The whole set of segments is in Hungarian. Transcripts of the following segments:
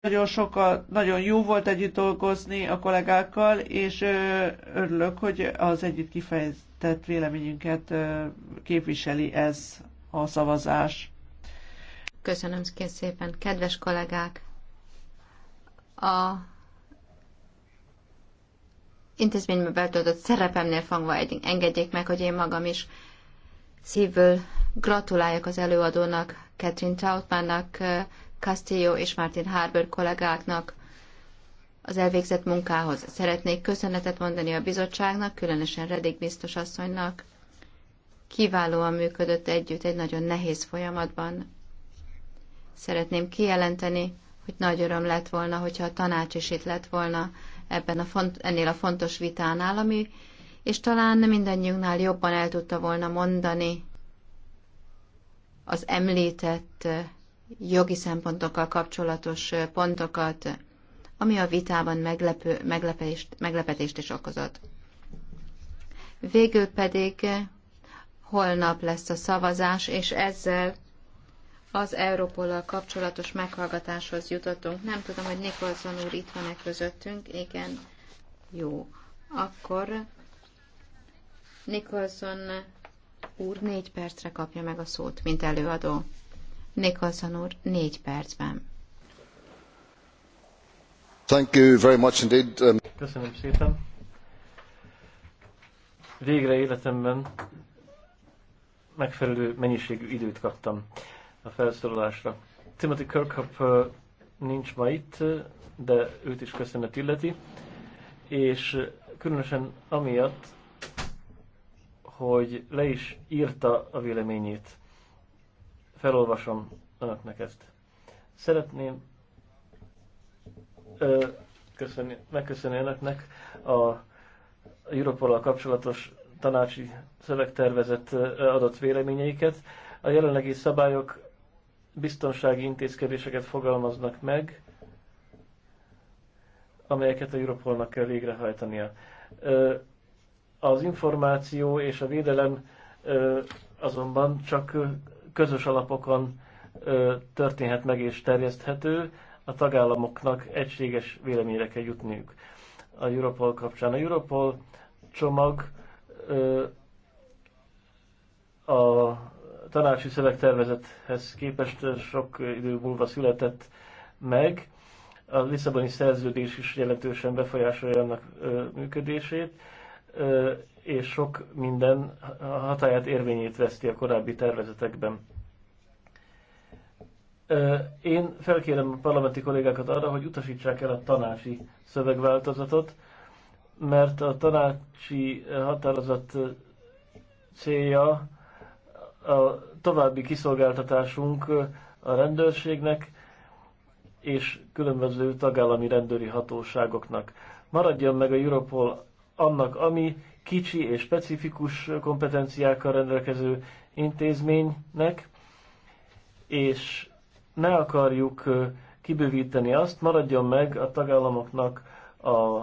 Nagyon sokat, nagyon jó volt együtt dolgozni a kollégákkal, és örülök, hogy az együtt kifejtett véleményünket képviseli ez a szavazás. Köszönöm szépen. Kedves kollégák, a intézményben betöltött szerepemnél fangva engedjék meg, hogy én magam is szívből gratuláljak az előadónak, Catherine Trautmannak, Castillo és Martin Harbour kollégáknak az elvégzett munkához. Szeretnék köszönetet mondani a bizottságnak, különösen Redig biztos asszonynak. Kiválóan működött együtt egy nagyon nehéz folyamatban. Szeretném kijelenteni, hogy nagy öröm lett volna, hogyha a tanács is itt lett volna ebben a font, ennél a fontos vitánál, ami és talán mindannyiunknál jobban el tudta volna mondani az említett jogi szempontokkal kapcsolatos pontokat, ami a vitában meglepő, meglepést, meglepetést is okozott. Végül pedig holnap lesz a szavazás, és ezzel az Európollal kapcsolatos meghallgatáshoz jutottunk. Nem tudom, hogy Nikolson úr itt van-e közöttünk. Igen, jó. Akkor Nikolson úr négy percre kapja meg a szót, mint előadó. Nicholson úr, négy percben. Thank you very much indeed. Um... Köszönöm szépen. Végre életemben megfelelő mennyiségű időt kaptam a felszólalásra. Timothy Kirkhope uh, nincs ma itt, uh, de őt is köszönet illeti, és uh, különösen amiatt, hogy le is írta a véleményét Felolvasom önöknek ezt. Szeretném ö, köszönni, megköszönni önöknek a europol kapcsolatos tanácsi szövegtervezet adott véleményeiket. A jelenlegi szabályok biztonsági intézkedéseket fogalmaznak meg, amelyeket a Europolnak kell végrehajtania. Az információ és a védelem azonban csak közös alapokon történhet meg és terjeszthető, a tagállamoknak egységes véleményre kell jutniuk a Europol kapcsán. A Europol csomag a tanácsi szövegtervezethez képest sok idő múlva született meg. A Lisszaboni szerződés is jelentősen befolyásolja annak működését, és sok minden hatáját érvényét veszti a korábbi tervezetekben. Én felkérem a parlamenti kollégákat arra, hogy utasítsák el a tanácsi szövegváltozatot, mert a tanácsi határozat célja a további kiszolgáltatásunk a rendőrségnek és különböző tagállami rendőri hatóságoknak. Maradjon meg a Europol annak, ami kicsi és specifikus kompetenciákkal rendelkező intézménynek, és ne akarjuk kibővíteni azt, maradjon meg a tagállamoknak a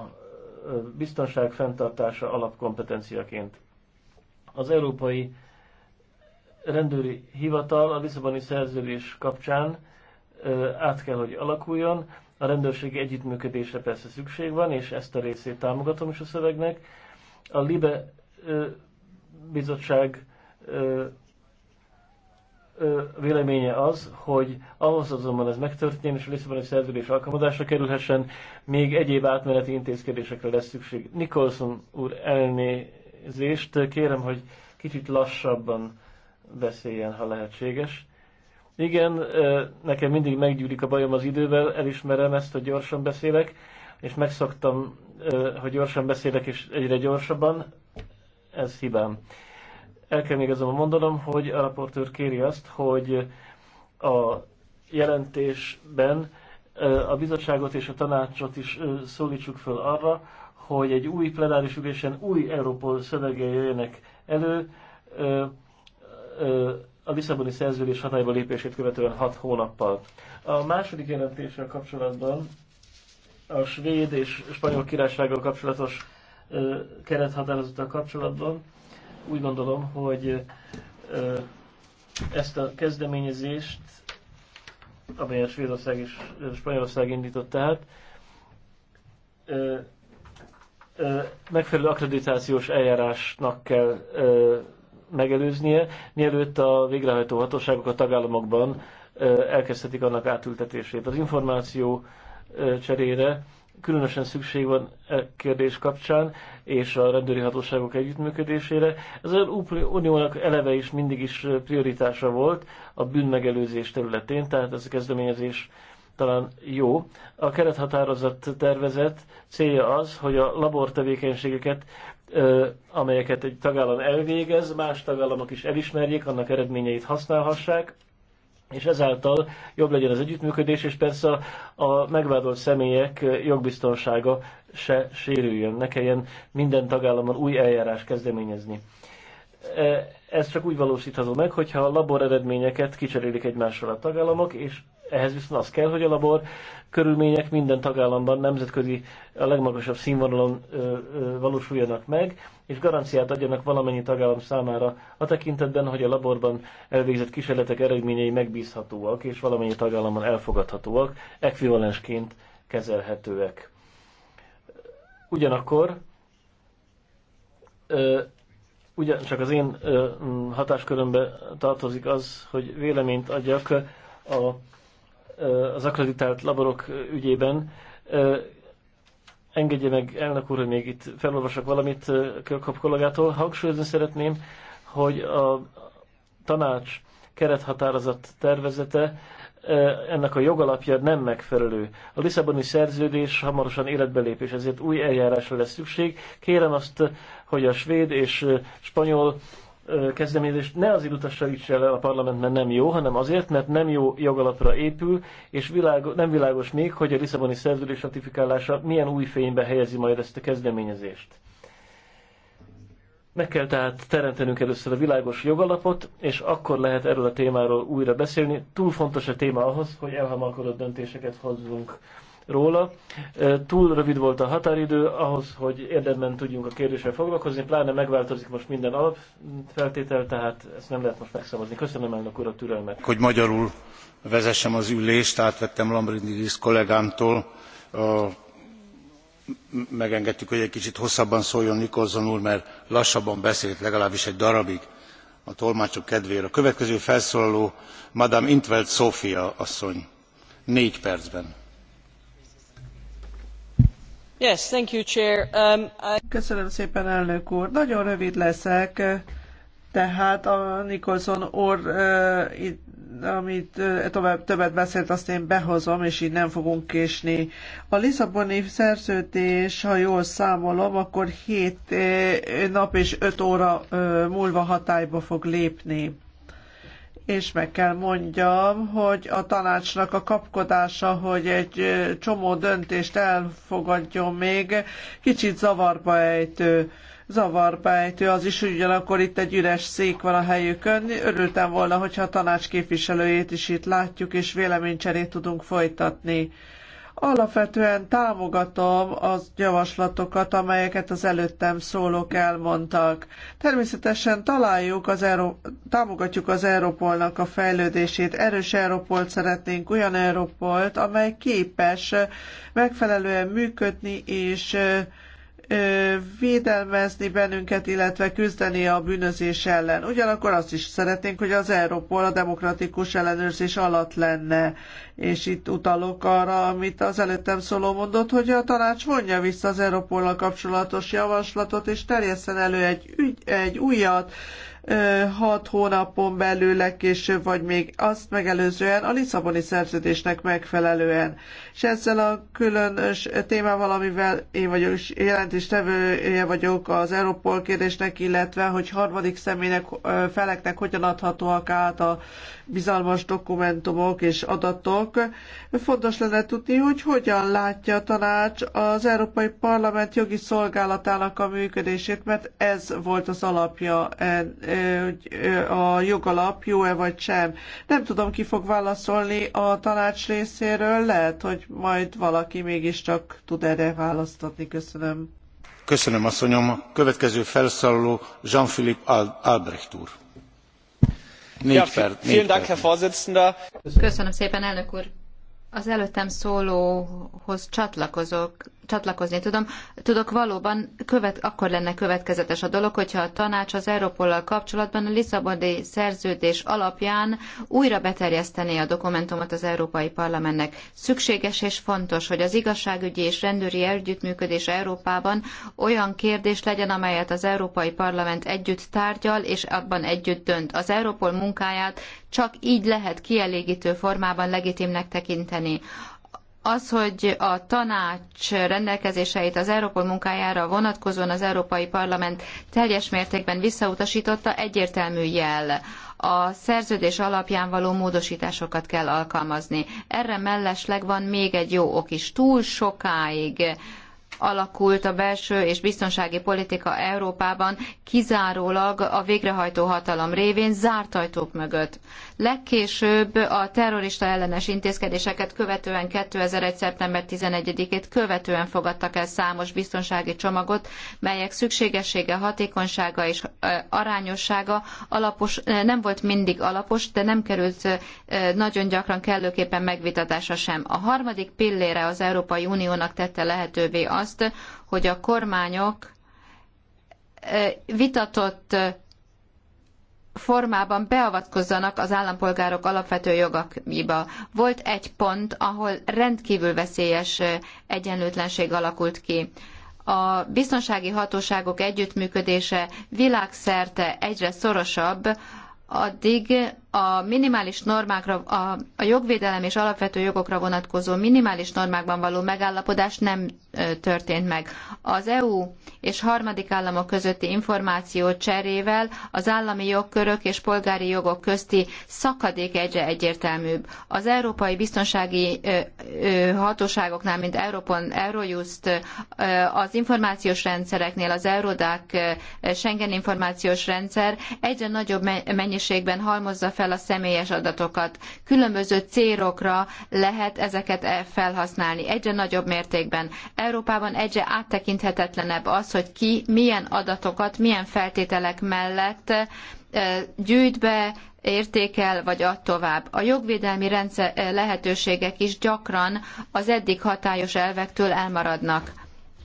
biztonság fenntartása alapkompetenciaként. Az Európai Rendőri Hivatal a Lisszaboni szerződés kapcsán át kell, hogy alakuljon. A rendőrségi együttműködésre persze szükség van, és ezt a részét támogatom is a szövegnek a LIBE bizottság véleménye az, hogy ahhoz azonban ez megtörténjen, és a Lisszaboni szerződés alkalmazásra kerülhessen, még egyéb átmeneti intézkedésekre lesz szükség. Nicholson úr elnézést, kérem, hogy kicsit lassabban beszéljen, ha lehetséges. Igen, nekem mindig meggyűlik a bajom az idővel, elismerem ezt, hogy gyorsan beszélek, és megszoktam hogy gyorsan beszélek, és egyre gyorsabban. Ez hibám. El kell még azonban mondanom, hogy a raportőr kéri azt, hogy a jelentésben a bizottságot és a tanácsot is szólítsuk föl arra, hogy egy új plenáris ülésen új Európol szövege jöjjenek elő a Lisszaboni szerződés hatályba lépését követően 6 hónappal. A második jelentéssel kapcsolatban a svéd és spanyol királysággal kapcsolatos kerethatározattal kapcsolatban úgy gondolom, hogy ezt a kezdeményezést, amelyet Svédország és Spanyolország indított tehát, megfelelő akkreditációs eljárásnak kell megelőznie, mielőtt a végrehajtó hatóságok a tagállamokban elkezdhetik annak átültetését. Az információ cserére különösen szükség van e kérdés kapcsán, és a rendőri hatóságok együttműködésére. Ez az uniónak eleve is mindig is prioritása volt a bűnmegelőzés területén, tehát ez a kezdeményezés talán jó. A kerethatározat tervezet célja az, hogy a labortevékenységeket, amelyeket egy tagállam elvégez, más tagállamok is elismerjék, annak eredményeit használhassák, és ezáltal jobb legyen az együttműködés, és persze a, a megvádolt személyek jogbiztonsága se sérüljön, ne kelljen minden tagállamon új eljárás kezdeményezni. E, ez csak úgy valósítható meg, hogyha a labor eredményeket kicserélik egymással a tagállamok, és ehhez viszont az kell, hogy a labor körülmények minden tagállamban nemzetközi, a legmagasabb színvonalon ö, ö, valósuljanak meg, és garanciát adjanak valamennyi tagállam számára a tekintetben, hogy a laborban elvégzett kísérletek eredményei megbízhatóak, és valamennyi tagállamban elfogadhatóak, ekvivalensként kezelhetőek. Ugyanakkor ö, csak az én hatáskörömbe tartozik az, hogy véleményt adjak a az akreditált laborok ügyében. Engedje meg, elnök úr, hogy még itt felolvasok valamit Kölkop kollégától. Hangsúlyozni szeretném, hogy a tanács kerethatározat tervezete ennek a jogalapja nem megfelelő. A Lisszaboni szerződés hamarosan életbe lépés, ezért új eljárásra lesz szükség. Kérem azt, hogy a svéd és spanyol kezdeményezést ne azért utasítsa el a parlament, mert nem jó, hanem azért, mert nem jó jogalapra épül, és világo, nem világos még, hogy a Lisszaboni szerződés ratifikálása milyen új fénybe helyezi majd ezt a kezdeményezést. Meg kell tehát teremtenünk először a világos jogalapot, és akkor lehet erről a témáról újra beszélni. Túl fontos a téma ahhoz, hogy elhamarkodott döntéseket hozzunk róla. Túl rövid volt a határidő ahhoz, hogy érdemben tudjunk a kérdéssel foglalkozni, pláne megváltozik most minden alapfeltétel, tehát ezt nem lehet most megszavazni. Köszönöm elnök úr a türelmet. Hogy magyarul vezessem az ülést, átvettem Lambrinidis kollégámtól. Megengedtük, hogy egy kicsit hosszabban szóljon Nikolson úr, mert lassabban beszélt legalábbis egy darabig a tolmácsok kedvére. A következő felszólaló Madame Intveld Sofia asszony. Négy percben. Um, Köszönöm szépen, Nagyon rövid leszek. Tehát a Nicholson úr amit tovább, többet beszélt, azt én behozom, és így nem fogunk késni. A Lisszaboni szerződés, ha jól számolom, akkor 7 nap és 5 óra múlva hatályba fog lépni és meg kell mondjam, hogy a tanácsnak a kapkodása, hogy egy csomó döntést elfogadjon még, kicsit zavarba ejtő zavarba ejtő az is, ugyanakkor itt egy üres szék van a helyükön. Örültem volna, hogyha a tanács képviselőjét is itt látjuk, és véleménycserét tudunk folytatni. Alapvetően támogatom az javaslatokat, amelyeket az előttem szólók elmondtak. Természetesen találjuk az Euró- támogatjuk az Európolnak a fejlődését. Erős Európolt szeretnénk, olyan Európolt, amely képes megfelelően működni és védelmezni bennünket, illetve küzdeni a bűnözés ellen. Ugyanakkor azt is szeretnénk, hogy az Európol a demokratikus ellenőrzés alatt lenne. És itt utalok arra, amit az előttem szóló mondott, hogy a tanács vonja vissza az Európollal kapcsolatos javaslatot, és terjeszen elő egy, ügy, egy újat, hat hónapon belül legkésőbb, vagy még azt megelőzően a Lisszaboni szerződésnek megfelelően és ezzel a különös témával, amivel én vagyok jelentéstevője vagyok az Európol kérdésnek, illetve hogy harmadik személynek, feleknek hogyan adhatóak át a bizalmas dokumentumok és adatok. Fontos lenne tudni, hogy hogyan látja a tanács az Európai Parlament jogi szolgálatának a működését, mert ez volt az alapja, e, e, a jogalap jó-e vagy sem. Nem tudom, ki fog válaszolni a tanács részéről, lehet, hogy majd valaki mégiscsak tud erre választ adni. Köszönöm. Köszönöm, asszonyom. A következő felszálló Jean-Philippe Albrecht úr. Négy ja, per, négy vielen Dank, Herr Vorsitzender. Köszönöm szépen, elnök úr. Az előttem szólóhoz csatlakozok csatlakozni tudom, tudok, valóban követ, akkor lenne következetes a dolog, hogyha a tanács az Európollal kapcsolatban a Lisszaboni szerződés alapján újra beterjesztené a dokumentumot az Európai Parlamentnek. Szükséges és fontos, hogy az igazságügyi és rendőri együttműködés Európában olyan kérdés legyen, amelyet az Európai Parlament együtt tárgyal és abban együtt dönt. Az Európol munkáját csak így lehet kielégítő formában legitimnek tekinteni az, hogy a tanács rendelkezéseit az Európol munkájára vonatkozóan az Európai Parlament teljes mértékben visszautasította, egyértelmű jel. A szerződés alapján való módosításokat kell alkalmazni. Erre mellesleg van még egy jó ok is. Túl sokáig alakult a belső és biztonsági politika Európában kizárólag a végrehajtó hatalom révén zárt ajtók mögött legkésőbb a terrorista ellenes intézkedéseket követően 2001. szeptember 11-ét követően fogadtak el számos biztonsági csomagot, melyek szükségessége, hatékonysága és arányossága alapos, nem volt mindig alapos, de nem került nagyon gyakran kellőképpen megvitatása sem. A harmadik pillére az Európai Uniónak tette lehetővé azt, hogy a kormányok vitatott formában beavatkozzanak az állampolgárok alapvető jogaiba. Volt egy pont, ahol rendkívül veszélyes egyenlőtlenség alakult ki. A biztonsági hatóságok együttműködése világszerte egyre szorosabb, addig a minimális normákra, a, a jogvédelem és alapvető jogokra vonatkozó minimális normákban való megállapodás nem történt meg. Az EU és harmadik államok közötti információ cserével az állami jogkörök és polgári jogok közti szakadék egyre egyértelműbb. Az európai biztonsági hatóságoknál, mint Europol, Eurojust, az információs rendszereknél, az Eurodac, Schengen információs rendszer egyre nagyobb mennyiségben halmozza fel fel a személyes adatokat. Különböző célokra lehet ezeket e- felhasználni egyre nagyobb mértékben. Európában egyre áttekinthetetlenebb az, hogy ki milyen adatokat, milyen feltételek mellett e, gyűjt be, értékel, vagy ad tovább. A jogvédelmi rendszer e, lehetőségek is gyakran az eddig hatályos elvektől elmaradnak.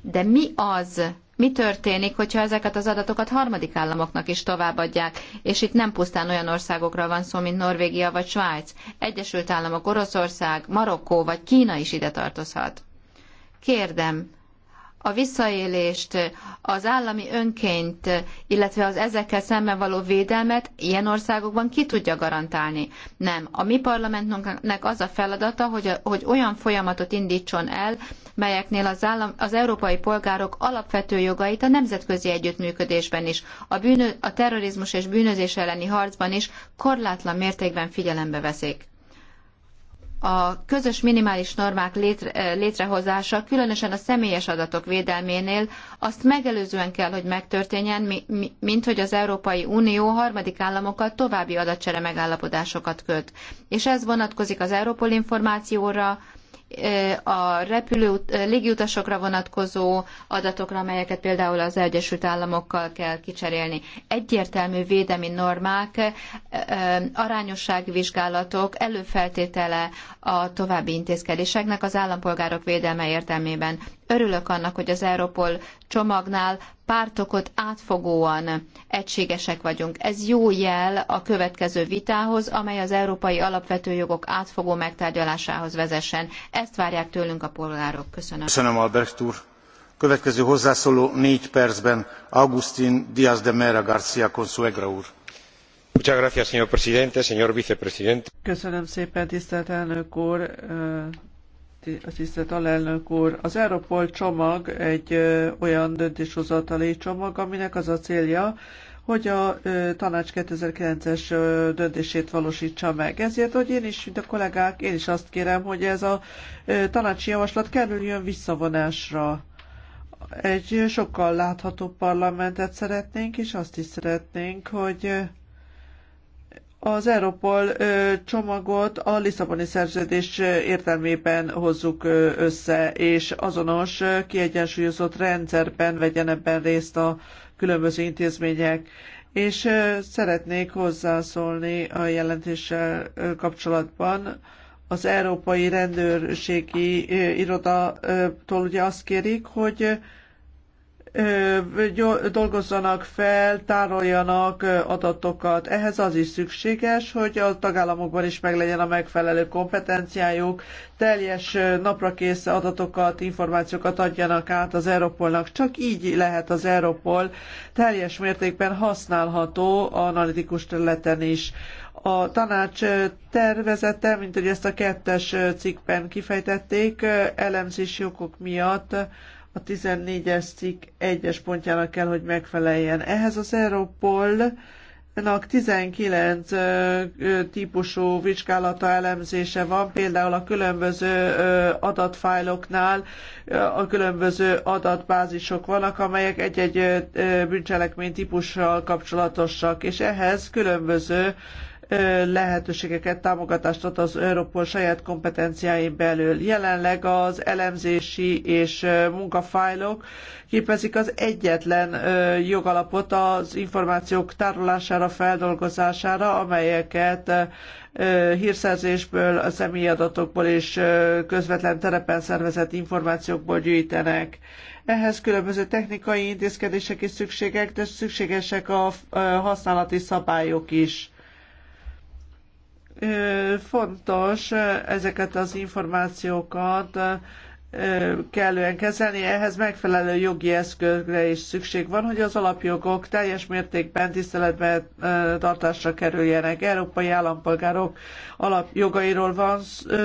De mi az, mi történik, hogyha ezeket az adatokat harmadik államoknak is továbbadják, és itt nem pusztán olyan országokra van szó, mint Norvégia vagy Svájc. Egyesült Államok, Oroszország, Marokkó vagy Kína is ide tartozhat. Kérdem, a visszaélést, az állami önként, illetve az ezekkel szemben való védelmet ilyen országokban ki tudja garantálni. Nem. A mi parlamentünknek az a feladata, hogy, hogy olyan folyamatot indítson el, melyeknél az, állam, az európai polgárok alapvető jogait a nemzetközi együttműködésben is, a, bűnö, a terrorizmus és bűnözés elleni harcban is korlátlan mértékben figyelembe veszik a közös minimális normák létre, létrehozása, különösen a személyes adatok védelménél, azt megelőzően kell, hogy megtörténjen, mint hogy az Európai Unió harmadik államokkal további adatcsere megállapodásokat köt. És ez vonatkozik az Európol információra, a repülő légiutasokra vonatkozó adatokra, amelyeket például az Egyesült Államokkal kell kicserélni. Egyértelmű védelmi normák, vizsgálatok előfeltétele a további intézkedéseknek az állampolgárok védelme értelmében. Örülök annak, hogy az Europol csomagnál pártokot átfogóan egységesek vagyunk. Ez jó jel a következő vitához, amely az európai alapvető jogok átfogó megtárgyalásához vezessen. Ezt várják tőlünk a polgárok. Köszönöm. Köszönöm, Albert úr. Következő hozzászóló négy percben Augustin Díaz de Mera García Consuegra úr. Köszönöm szépen, tisztelt elnök úr, tisztelt alelnök úr, az Europol csomag egy olyan döntéshozatali csomag, aminek az a célja, hogy a tanács 2009-es döntését valósítsa meg. Ezért, hogy én is, mint a kollégák, én is azt kérem, hogy ez a tanácsi javaslat kerüljön visszavonásra. Egy sokkal láthatóbb parlamentet szeretnénk, és azt is szeretnénk, hogy az Europol csomagot a Lisszaboni szerződés értelmében hozzuk össze, és azonos, kiegyensúlyozott rendszerben vegyen ebben részt a különböző intézmények. És szeretnék hozzászólni a jelentéssel kapcsolatban. Az Európai Rendőrségi Irodatól ugye azt kérik, hogy dolgozzanak fel, tároljanak adatokat. Ehhez az is szükséges, hogy a tagállamokban is meglegyen a megfelelő kompetenciájuk, teljes naprakész adatokat, információkat adjanak át az Europolnak. Csak így lehet az Europol teljes mértékben használható analitikus területen is. A tanács tervezete, mint hogy ezt a kettes cikkben kifejtették, elemzési okok miatt a 14-es cikk egyes pontjának kell, hogy megfeleljen. Ehhez az Europol a 19 típusú vizsgálata elemzése van, például a különböző adatfájloknál a különböző adatbázisok vannak, amelyek egy-egy bűncselekmény típussal kapcsolatosak, és ehhez különböző lehetőségeket, támogatást ad az Európol saját kompetenciáin belül. Jelenleg az elemzési és munkafájlok képezik az egyetlen jogalapot az információk tárolására, feldolgozására, amelyeket hírszerzésből, a személyadatokból és közvetlen terepen szervezett információkból gyűjtenek. Ehhez különböző technikai intézkedések is szükségek, de szükségesek a használati szabályok is fontos ezeket az információkat kellően kezelni, ehhez megfelelő jogi eszközre is szükség van, hogy az alapjogok teljes mértékben tiszteletben tartásra kerüljenek. Európai állampolgárok alapjogairól van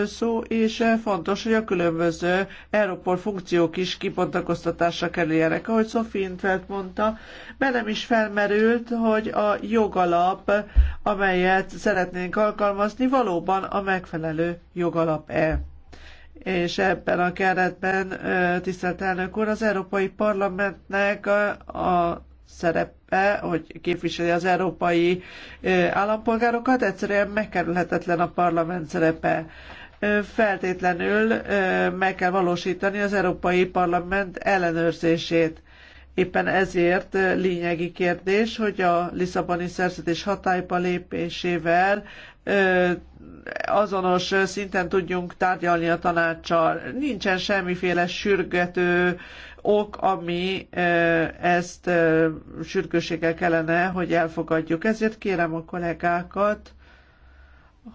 szó, és fontos, hogy a különböző Európol funkciók is kibontakoztatásra kerüljenek. Ahogy Sophie Intelt mondta, bennem is felmerült, hogy a jogalap, amelyet szeretnénk alkalmazni, valóban a megfelelő jogalap-e és ebben a keretben, tisztelt elnök úr, az Európai Parlamentnek a, a szerepe, hogy képviseli az európai állampolgárokat, egyszerűen megkerülhetetlen a parlament szerepe. Feltétlenül meg kell valósítani az Európai Parlament ellenőrzését. Éppen ezért lényegi kérdés, hogy a Lisszaboni szerződés hatályba lépésével azonos szinten tudjunk tárgyalni a tanácssal. Nincsen semmiféle sürgető ok, ami ezt sürgőséggel kellene, hogy elfogadjuk. Ezért kérem a kollégákat,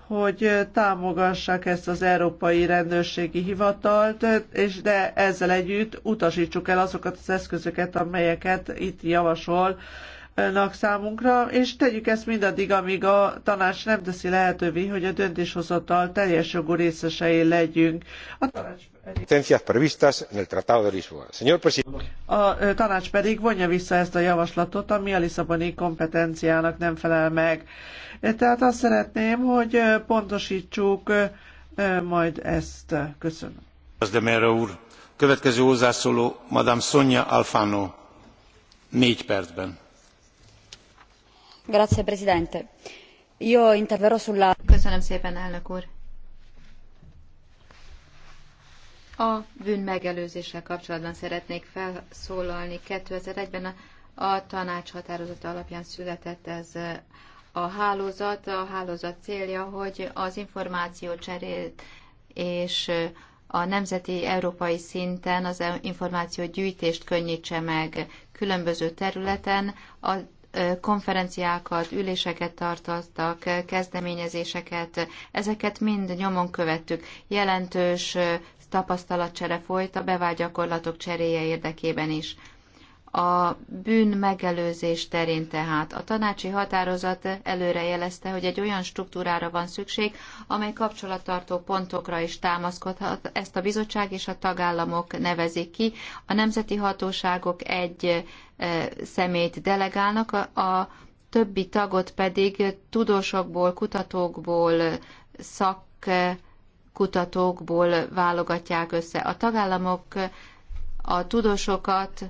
hogy támogassák ezt az Európai Rendőrségi Hivatalt, és de ezzel együtt utasítsuk el azokat az eszközöket, amelyeket itt javasol nak számunkra, és tegyük ezt mindaddig, amíg a tanács nem teszi lehetővé, hogy a döntéshozatal teljes jogú részesei legyünk. A tanács a tanács pedig vonja vissza ezt a javaslatot, ami a Lisszaboni kompetenciának nem felel meg. Tehát azt szeretném, hogy pontosítsuk majd ezt. Köszönöm. Demére úr. Következő hozzászóló, Madame Sonja Alfano, négy percben Köszönöm szépen, A bűn megelőzéssel kapcsolatban szeretnék felszólalni. 2001-ben a tanács határozata alapján született ez a hálózat. A hálózat célja, hogy az információ cserét és a nemzeti európai szinten az információ gyűjtést könnyítse meg különböző területen, a konferenciákat, üléseket tartottak, kezdeményezéseket, ezeket mind nyomon követtük. Jelentős tapasztalatcsere folyt a bevált gyakorlatok cseréje érdekében is. A bűn megelőzés terén tehát a tanácsi határozat előrejelezte, hogy egy olyan struktúrára van szükség, amely kapcsolattartó pontokra is támaszkodhat. Ezt a bizottság és a tagállamok nevezik ki. A nemzeti hatóságok egy e, szemét delegálnak, a többi tagot pedig tudósokból, kutatókból, szakkutatókból válogatják össze. A tagállamok a tudósokat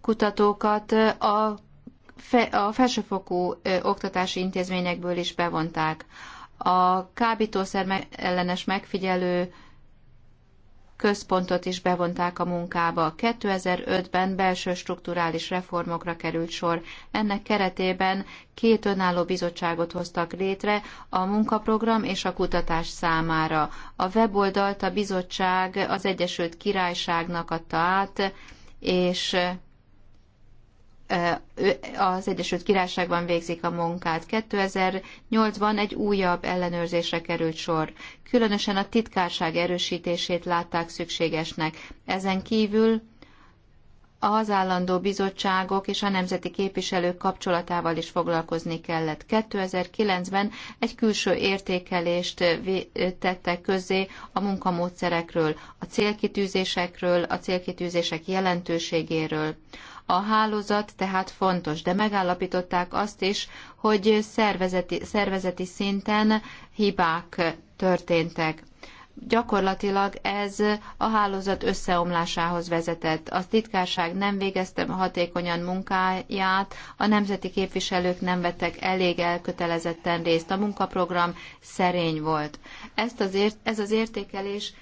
kutatókat a, fe, a felsőfokú oktatási intézményekből is bevonták. A kábítószer ellenes megfigyelő központot is bevonták a munkába. 2005-ben belső strukturális reformokra került sor. Ennek keretében két önálló bizottságot hoztak létre a munkaprogram és a kutatás számára. A weboldalt a bizottság az Egyesült Királyságnak adta át, és az Egyesült Királyságban végzik a munkát. 2008-ban egy újabb ellenőrzésre került sor. Különösen a titkárság erősítését látták szükségesnek. Ezen kívül az állandó bizottságok és a nemzeti képviselők kapcsolatával is foglalkozni kellett. 2009-ben egy külső értékelést tettek közzé a munkamódszerekről, a célkitűzésekről, a célkitűzések jelentőségéről. A hálózat tehát fontos, de megállapították azt is, hogy szervezeti, szervezeti szinten hibák történtek gyakorlatilag ez a hálózat összeomlásához vezetett. A titkárság nem végezte hatékonyan munkáját, a nemzeti képviselők nem vettek elég elkötelezetten részt, a munkaprogram szerény volt. Ezt az ért, ez az értékelés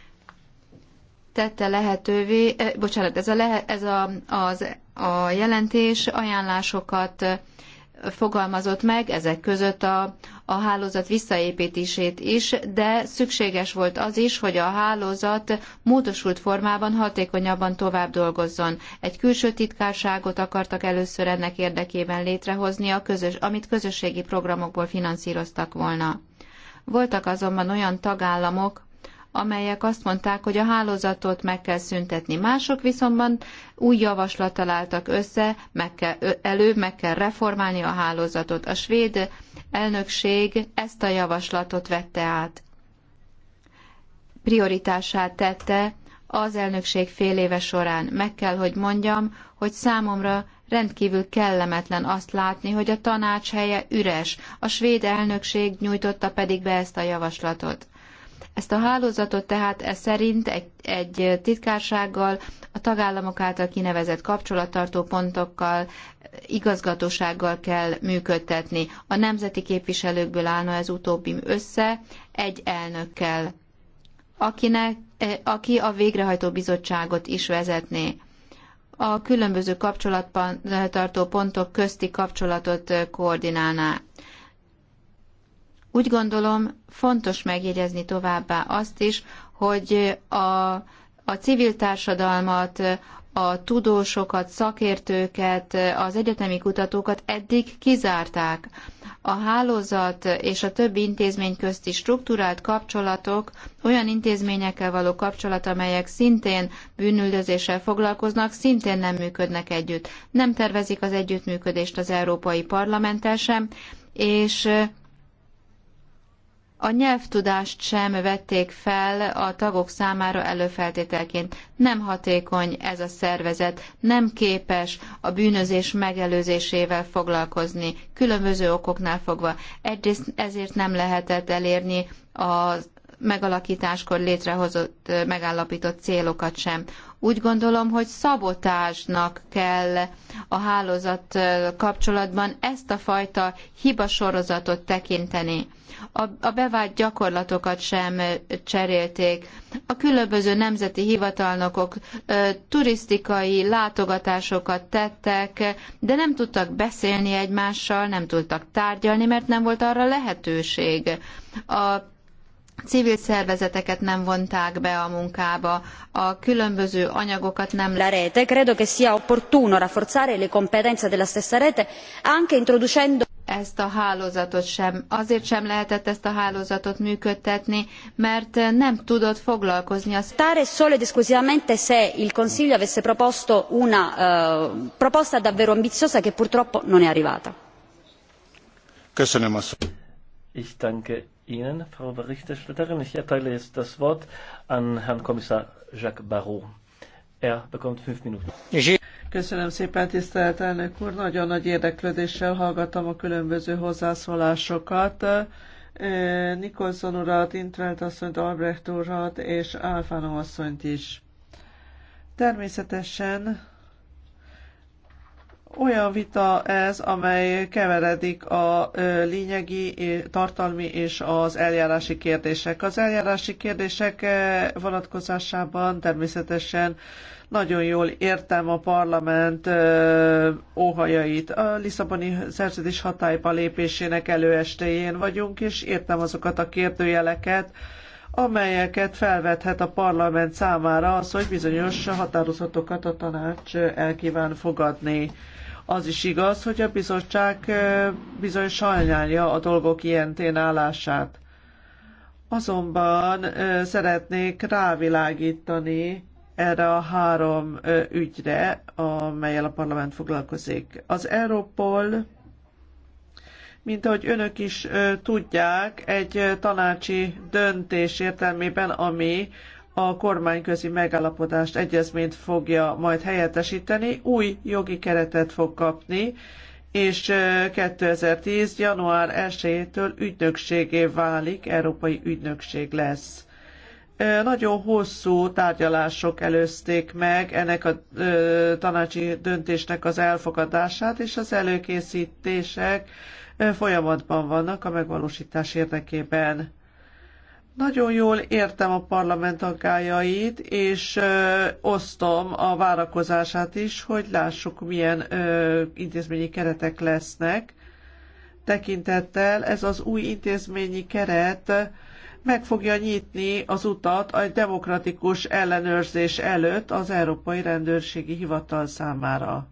tette lehetővé, eh, bocsánat, ez, a, lehe, ez a, az a jelentés ajánlásokat fogalmazott meg, ezek között a, a hálózat visszaépítését is, de szükséges volt az is, hogy a hálózat módosult formában hatékonyabban tovább dolgozzon. Egy külső titkárságot akartak először ennek érdekében létrehozni, a közös, amit közösségi programokból finanszíroztak volna. Voltak azonban olyan tagállamok, amelyek azt mondták, hogy a hálózatot meg kell szüntetni. Mások viszontban új javaslat találtak össze, meg kell, előbb meg kell reformálni a hálózatot. A svéd elnökség ezt a javaslatot vette át. Prioritását tette az elnökség fél éve során. Meg kell, hogy mondjam, hogy számomra rendkívül kellemetlen azt látni, hogy a tanács helye üres, a svéd elnökség nyújtotta pedig be ezt a javaslatot. Ezt a hálózatot tehát ez szerint egy, egy titkársággal, a tagállamok által kinevezett kapcsolattartó pontokkal, igazgatósággal kell működtetni. A nemzeti képviselőkből állna ez utóbbi össze egy elnökkel, akinek, eh, aki a végrehajtó bizottságot is vezetné a különböző kapcsolattartó pontok közti kapcsolatot eh, koordinálná. Úgy gondolom, fontos megjegyezni továbbá azt is, hogy a, a civil társadalmat, a tudósokat, szakértőket, az egyetemi kutatókat eddig kizárták. A hálózat és a többi intézmény közti struktúrált kapcsolatok olyan intézményekkel való kapcsolat, amelyek szintén bűnüldözéssel foglalkoznak, szintén nem működnek együtt. Nem tervezik az együttműködést az Európai Parlamenttel sem, és a nyelvtudást sem vették fel a tagok számára előfeltételként. Nem hatékony ez a szervezet, nem képes a bűnözés megelőzésével foglalkozni, különböző okoknál fogva. Egyrészt ezért nem lehetett elérni a megalakításkor létrehozott, megállapított célokat sem. Úgy gondolom, hogy szabotásnak kell a hálózat kapcsolatban ezt a fajta hibasorozatot tekinteni a, a bevált gyakorlatokat sem cserélték. A különböző nemzeti hivatalnokok turisztikai látogatásokat tettek, de nem tudtak beszélni egymással, nem tudtak tárgyalni, mert nem volt arra lehetőség. A civil szervezeteket nem vonták be a munkába, a különböző anyagokat nem... La rete credo che sia opportuno rafforzare le competenze della stessa rete anche introducendo ezt a hálózatot sem. Azért sem lehetett ezt a hálózatot működtetni, mert nem tudott foglalkozni. A... Stare solo ed esclusivamente se il Consiglio avesse proposto una uh, proposta davvero ambiziosa che purtroppo non è arrivata. Köszönöm a szót. Ich danke Ihnen, Frau Berichterstatterin. Ich erteile jetzt das Wort an Herrn Kommissar Jacques Barrot er bekommt Minuten. Köszönöm szépen, tisztelt elnök úr! Nagyon nagy érdeklődéssel hallgattam a különböző hozzászólásokat. Nikolson urat, Intrelt asszonyt, Albrecht urat és Alfano asszonyt is. Természetesen olyan vita ez, amely keveredik a lényegi, tartalmi és az eljárási kérdések. Az eljárási kérdések vonatkozásában természetesen nagyon jól értem a parlament óhajait. A Lisszaboni szerződés hatályba lépésének előestéjén vagyunk, és értem azokat a kérdőjeleket, amelyeket felvethet a parlament számára az, hogy bizonyos határozatokat a tanács elkíván fogadni. Az is igaz, hogy a bizottság bizony sajnálja a dolgok ilyentén állását. Azonban szeretnék rávilágítani erre a három ügyre, amelyel a parlament foglalkozik. Az Europol, mint ahogy önök is tudják, egy tanácsi döntés értelmében, ami a kormányközi megállapodást, egyezményt fogja majd helyettesíteni, új jogi keretet fog kapni, és 2010. január 1-től ügynökségé válik, európai ügynökség lesz. Nagyon hosszú tárgyalások előzték meg ennek a tanácsi döntésnek az elfogadását, és az előkészítések folyamatban vannak a megvalósítás érdekében. Nagyon jól értem a parlament aggájait, és ö, osztom a várakozását is, hogy lássuk, milyen ö, intézményi keretek lesznek. Tekintettel ez az új intézményi keret meg fogja nyitni az utat a demokratikus ellenőrzés előtt az Európai Rendőrségi Hivatal számára.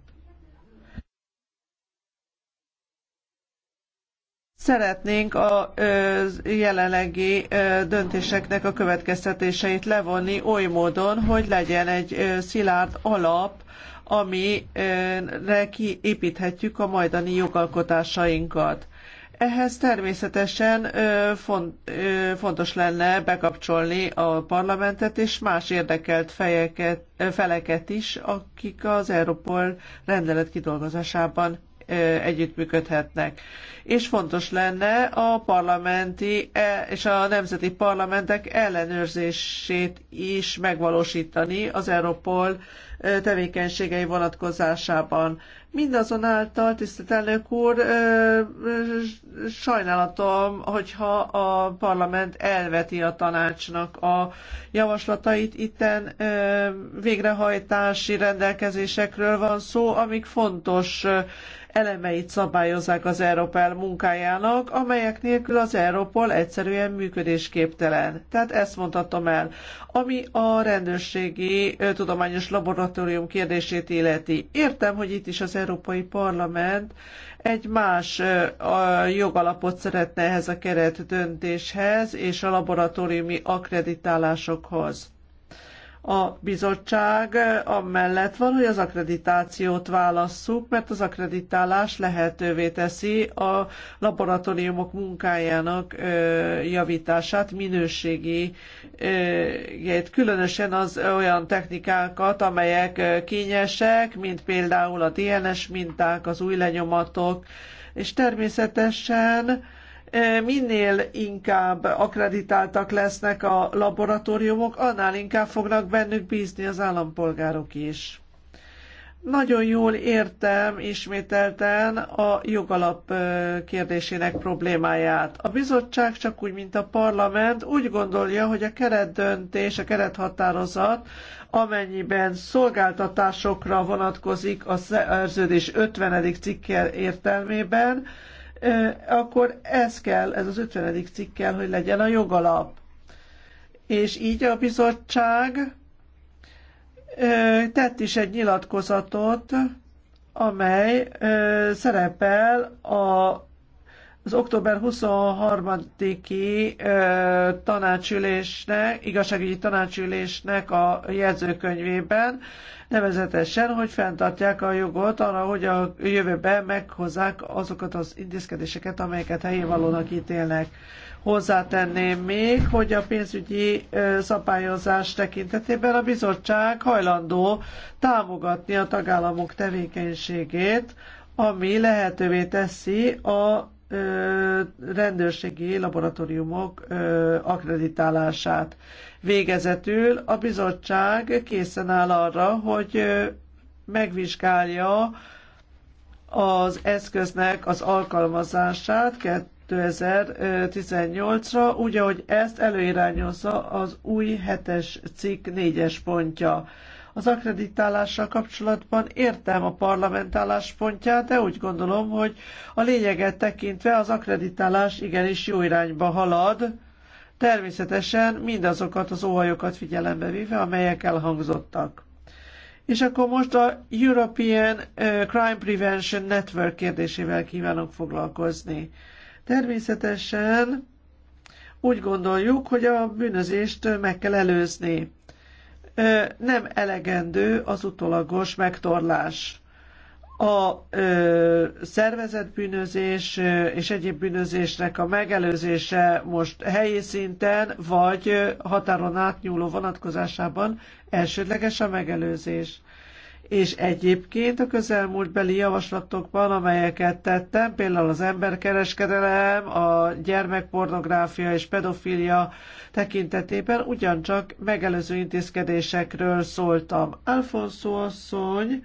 Szeretnénk a ö, jelenlegi ö, döntéseknek a következtetéseit levonni oly módon, hogy legyen egy ö, szilárd alap, amire kiépíthetjük a majdani jogalkotásainkat. Ehhez természetesen ö, font, ö, fontos lenne bekapcsolni a parlamentet és más érdekelt fejeket, ö, feleket is, akik az Europol rendelet kidolgozásában ö, együttműködhetnek. És fontos lenne a parlamenti e, és a nemzeti parlamentek ellenőrzését is megvalósítani az Europol tevékenységei vonatkozásában. Mindazonáltal, tisztelt elnök úr, sajnálatom, hogyha a parlament elveti a tanácsnak a javaslatait, itten végrehajtási rendelkezésekről van szó, amik fontos elemeit szabályozzák az Európel munkájának, amelyek nélkül az Európol egyszerűen működésképtelen. Tehát ezt mondhatom el. Ami a rendőrségi tudományos laborat moratórium kérdését illeti. Értem, hogy itt is az Európai Parlament egy más jogalapot szeretne ehhez a keret döntéshez és a laboratóriumi akkreditálásokhoz a bizottság amellett van, hogy az akkreditációt válasszuk, mert az akkreditálás lehetővé teszi a laboratóriumok munkájának javítását, minőségi, különösen az olyan technikákat, amelyek kényesek, mint például a DNS minták, az új lenyomatok, és természetesen minél inkább akreditáltak lesznek a laboratóriumok, annál inkább fognak bennük bízni az állampolgárok is. Nagyon jól értem ismételten a jogalap kérdésének problémáját. A bizottság csak úgy, mint a parlament úgy gondolja, hogy a keretdöntés, a kerethatározat, amennyiben szolgáltatásokra vonatkozik a szerződés 50. cikke értelmében, akkor ez kell, ez az 50. cikk kell, hogy legyen a jogalap. És így a bizottság tett is egy nyilatkozatot, amely szerepel a az október 23-i tanácsülésnek, igazságügyi tanácsülésnek a jegyzőkönyvében nevezetesen, hogy fenntartják a jogot arra, hogy a jövőben meghozzák azokat az intézkedéseket, amelyeket helyén valónak ítélnek. Hozzátenném még, hogy a pénzügyi szabályozás tekintetében a bizottság hajlandó támogatni a tagállamok tevékenységét, ami lehetővé teszi a rendőrségi laboratóriumok akreditálását. Végezetül a bizottság készen áll arra, hogy megvizsgálja az eszköznek az alkalmazását 2018-ra, úgy, ahogy ezt előirányozza az új hetes cikk négyes pontja. Az akreditálással kapcsolatban értem a parlament álláspontját, de úgy gondolom, hogy a lényeget tekintve az akreditálás igenis jó irányba halad, természetesen mindazokat az óhajokat figyelembe véve, amelyek elhangzottak. És akkor most a European Crime Prevention Network kérdésével kívánok foglalkozni. Természetesen úgy gondoljuk, hogy a bűnözést meg kell előzni nem elegendő az utolagos megtorlás a ö, szervezetbűnözés és egyéb bűnözésnek a megelőzése most helyi szinten vagy határon átnyúló vonatkozásában elsődleges a megelőzés és egyébként a közelmúltbeli javaslatokban, amelyeket tettem, például az emberkereskedelem, a gyermekpornográfia és pedofília tekintetében ugyancsak megelőző intézkedésekről szóltam. Alfonso asszony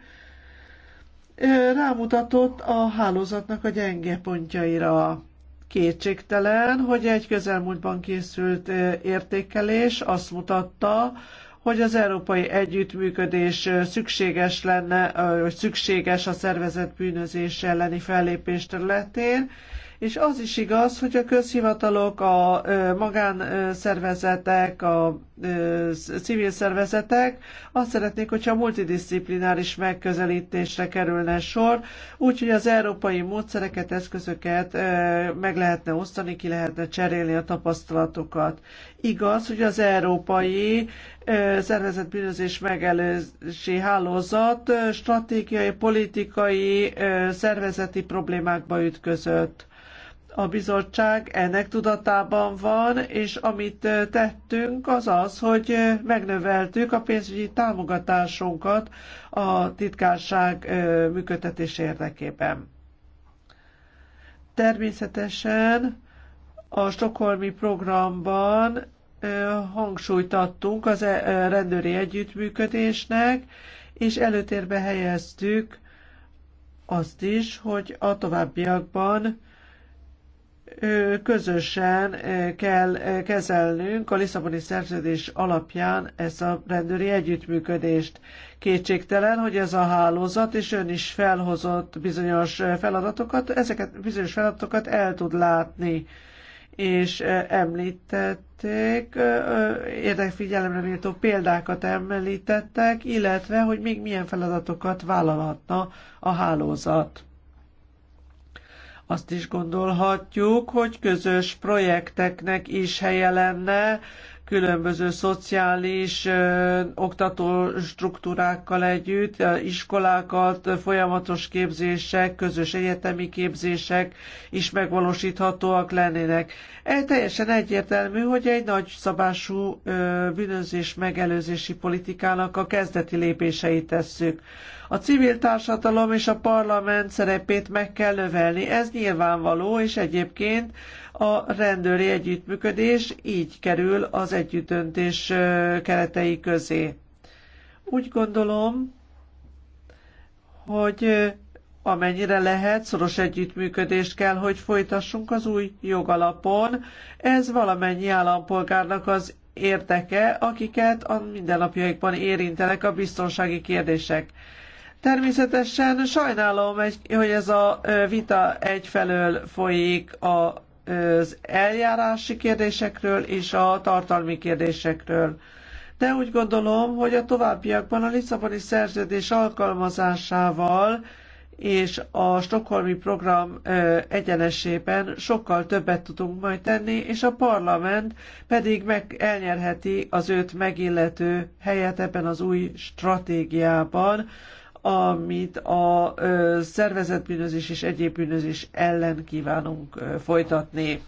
rámutatott a hálózatnak a gyenge pontjaira. Kétségtelen, hogy egy közelmúltban készült értékelés azt mutatta, hogy az európai együttműködés szükséges lenne, hogy szükséges a szervezet bűnözés elleni fellépés területén, és az is igaz, hogy a közhivatalok, a magánszervezetek, a civil szervezetek azt szeretnék, hogyha multidisziplináris megközelítésre kerülne sor, úgyhogy az európai módszereket, eszközöket meg lehetne osztani, ki lehetne cserélni a tapasztalatokat. Igaz, hogy az európai szervezetbűnözés megelőzési hálózat stratégiai, politikai, szervezeti problémákba ütközött a bizottság ennek tudatában van, és amit tettünk az az, hogy megnöveltük a pénzügyi támogatásunkat a titkárság működtetés érdekében. Természetesen a stokholmi programban hangsúlyt adtunk az rendőri együttműködésnek, és előtérbe helyeztük azt is, hogy a továbbiakban közösen kell kezelnünk a Lisszaboni szerződés alapján ezt a rendőri együttműködést. Kétségtelen, hogy ez a hálózat, és ön is felhozott bizonyos feladatokat, ezeket bizonyos feladatokat el tud látni és említették, érdekfigyelemre méltó példákat említettek, illetve, hogy még milyen feladatokat vállalhatna a hálózat. Azt is gondolhatjuk, hogy közös projekteknek is helye lenne, különböző szociális ö, oktató struktúrákkal együtt, iskolákat, folyamatos képzések, közös egyetemi képzések is megvalósíthatóak lennének. E, teljesen egyértelmű, hogy egy nagy szabású ö, bűnözés megelőzési politikának a kezdeti lépéseit tesszük. A civil társadalom és a parlament szerepét meg kell növelni. Ez nyilvánvaló, és egyébként a rendőri együttműködés így kerül az együttdöntés keretei közé. Úgy gondolom, hogy amennyire lehet, szoros együttműködést kell, hogy folytassunk az új jogalapon. Ez valamennyi állampolgárnak az érdeke, akiket a mindennapjaikban érintenek a biztonsági kérdések. Természetesen sajnálom, hogy ez a vita egyfelől folyik az eljárási kérdésekről és a tartalmi kérdésekről. De úgy gondolom, hogy a továbbiakban a Lisszaboni szerződés alkalmazásával és a Stockholmi program egyenesében sokkal többet tudunk majd tenni, és a parlament pedig meg elnyerheti az őt megillető helyet ebben az új stratégiában, amit a szervezetbűnözés és egyéb bűnözés ellen kívánunk folytatni.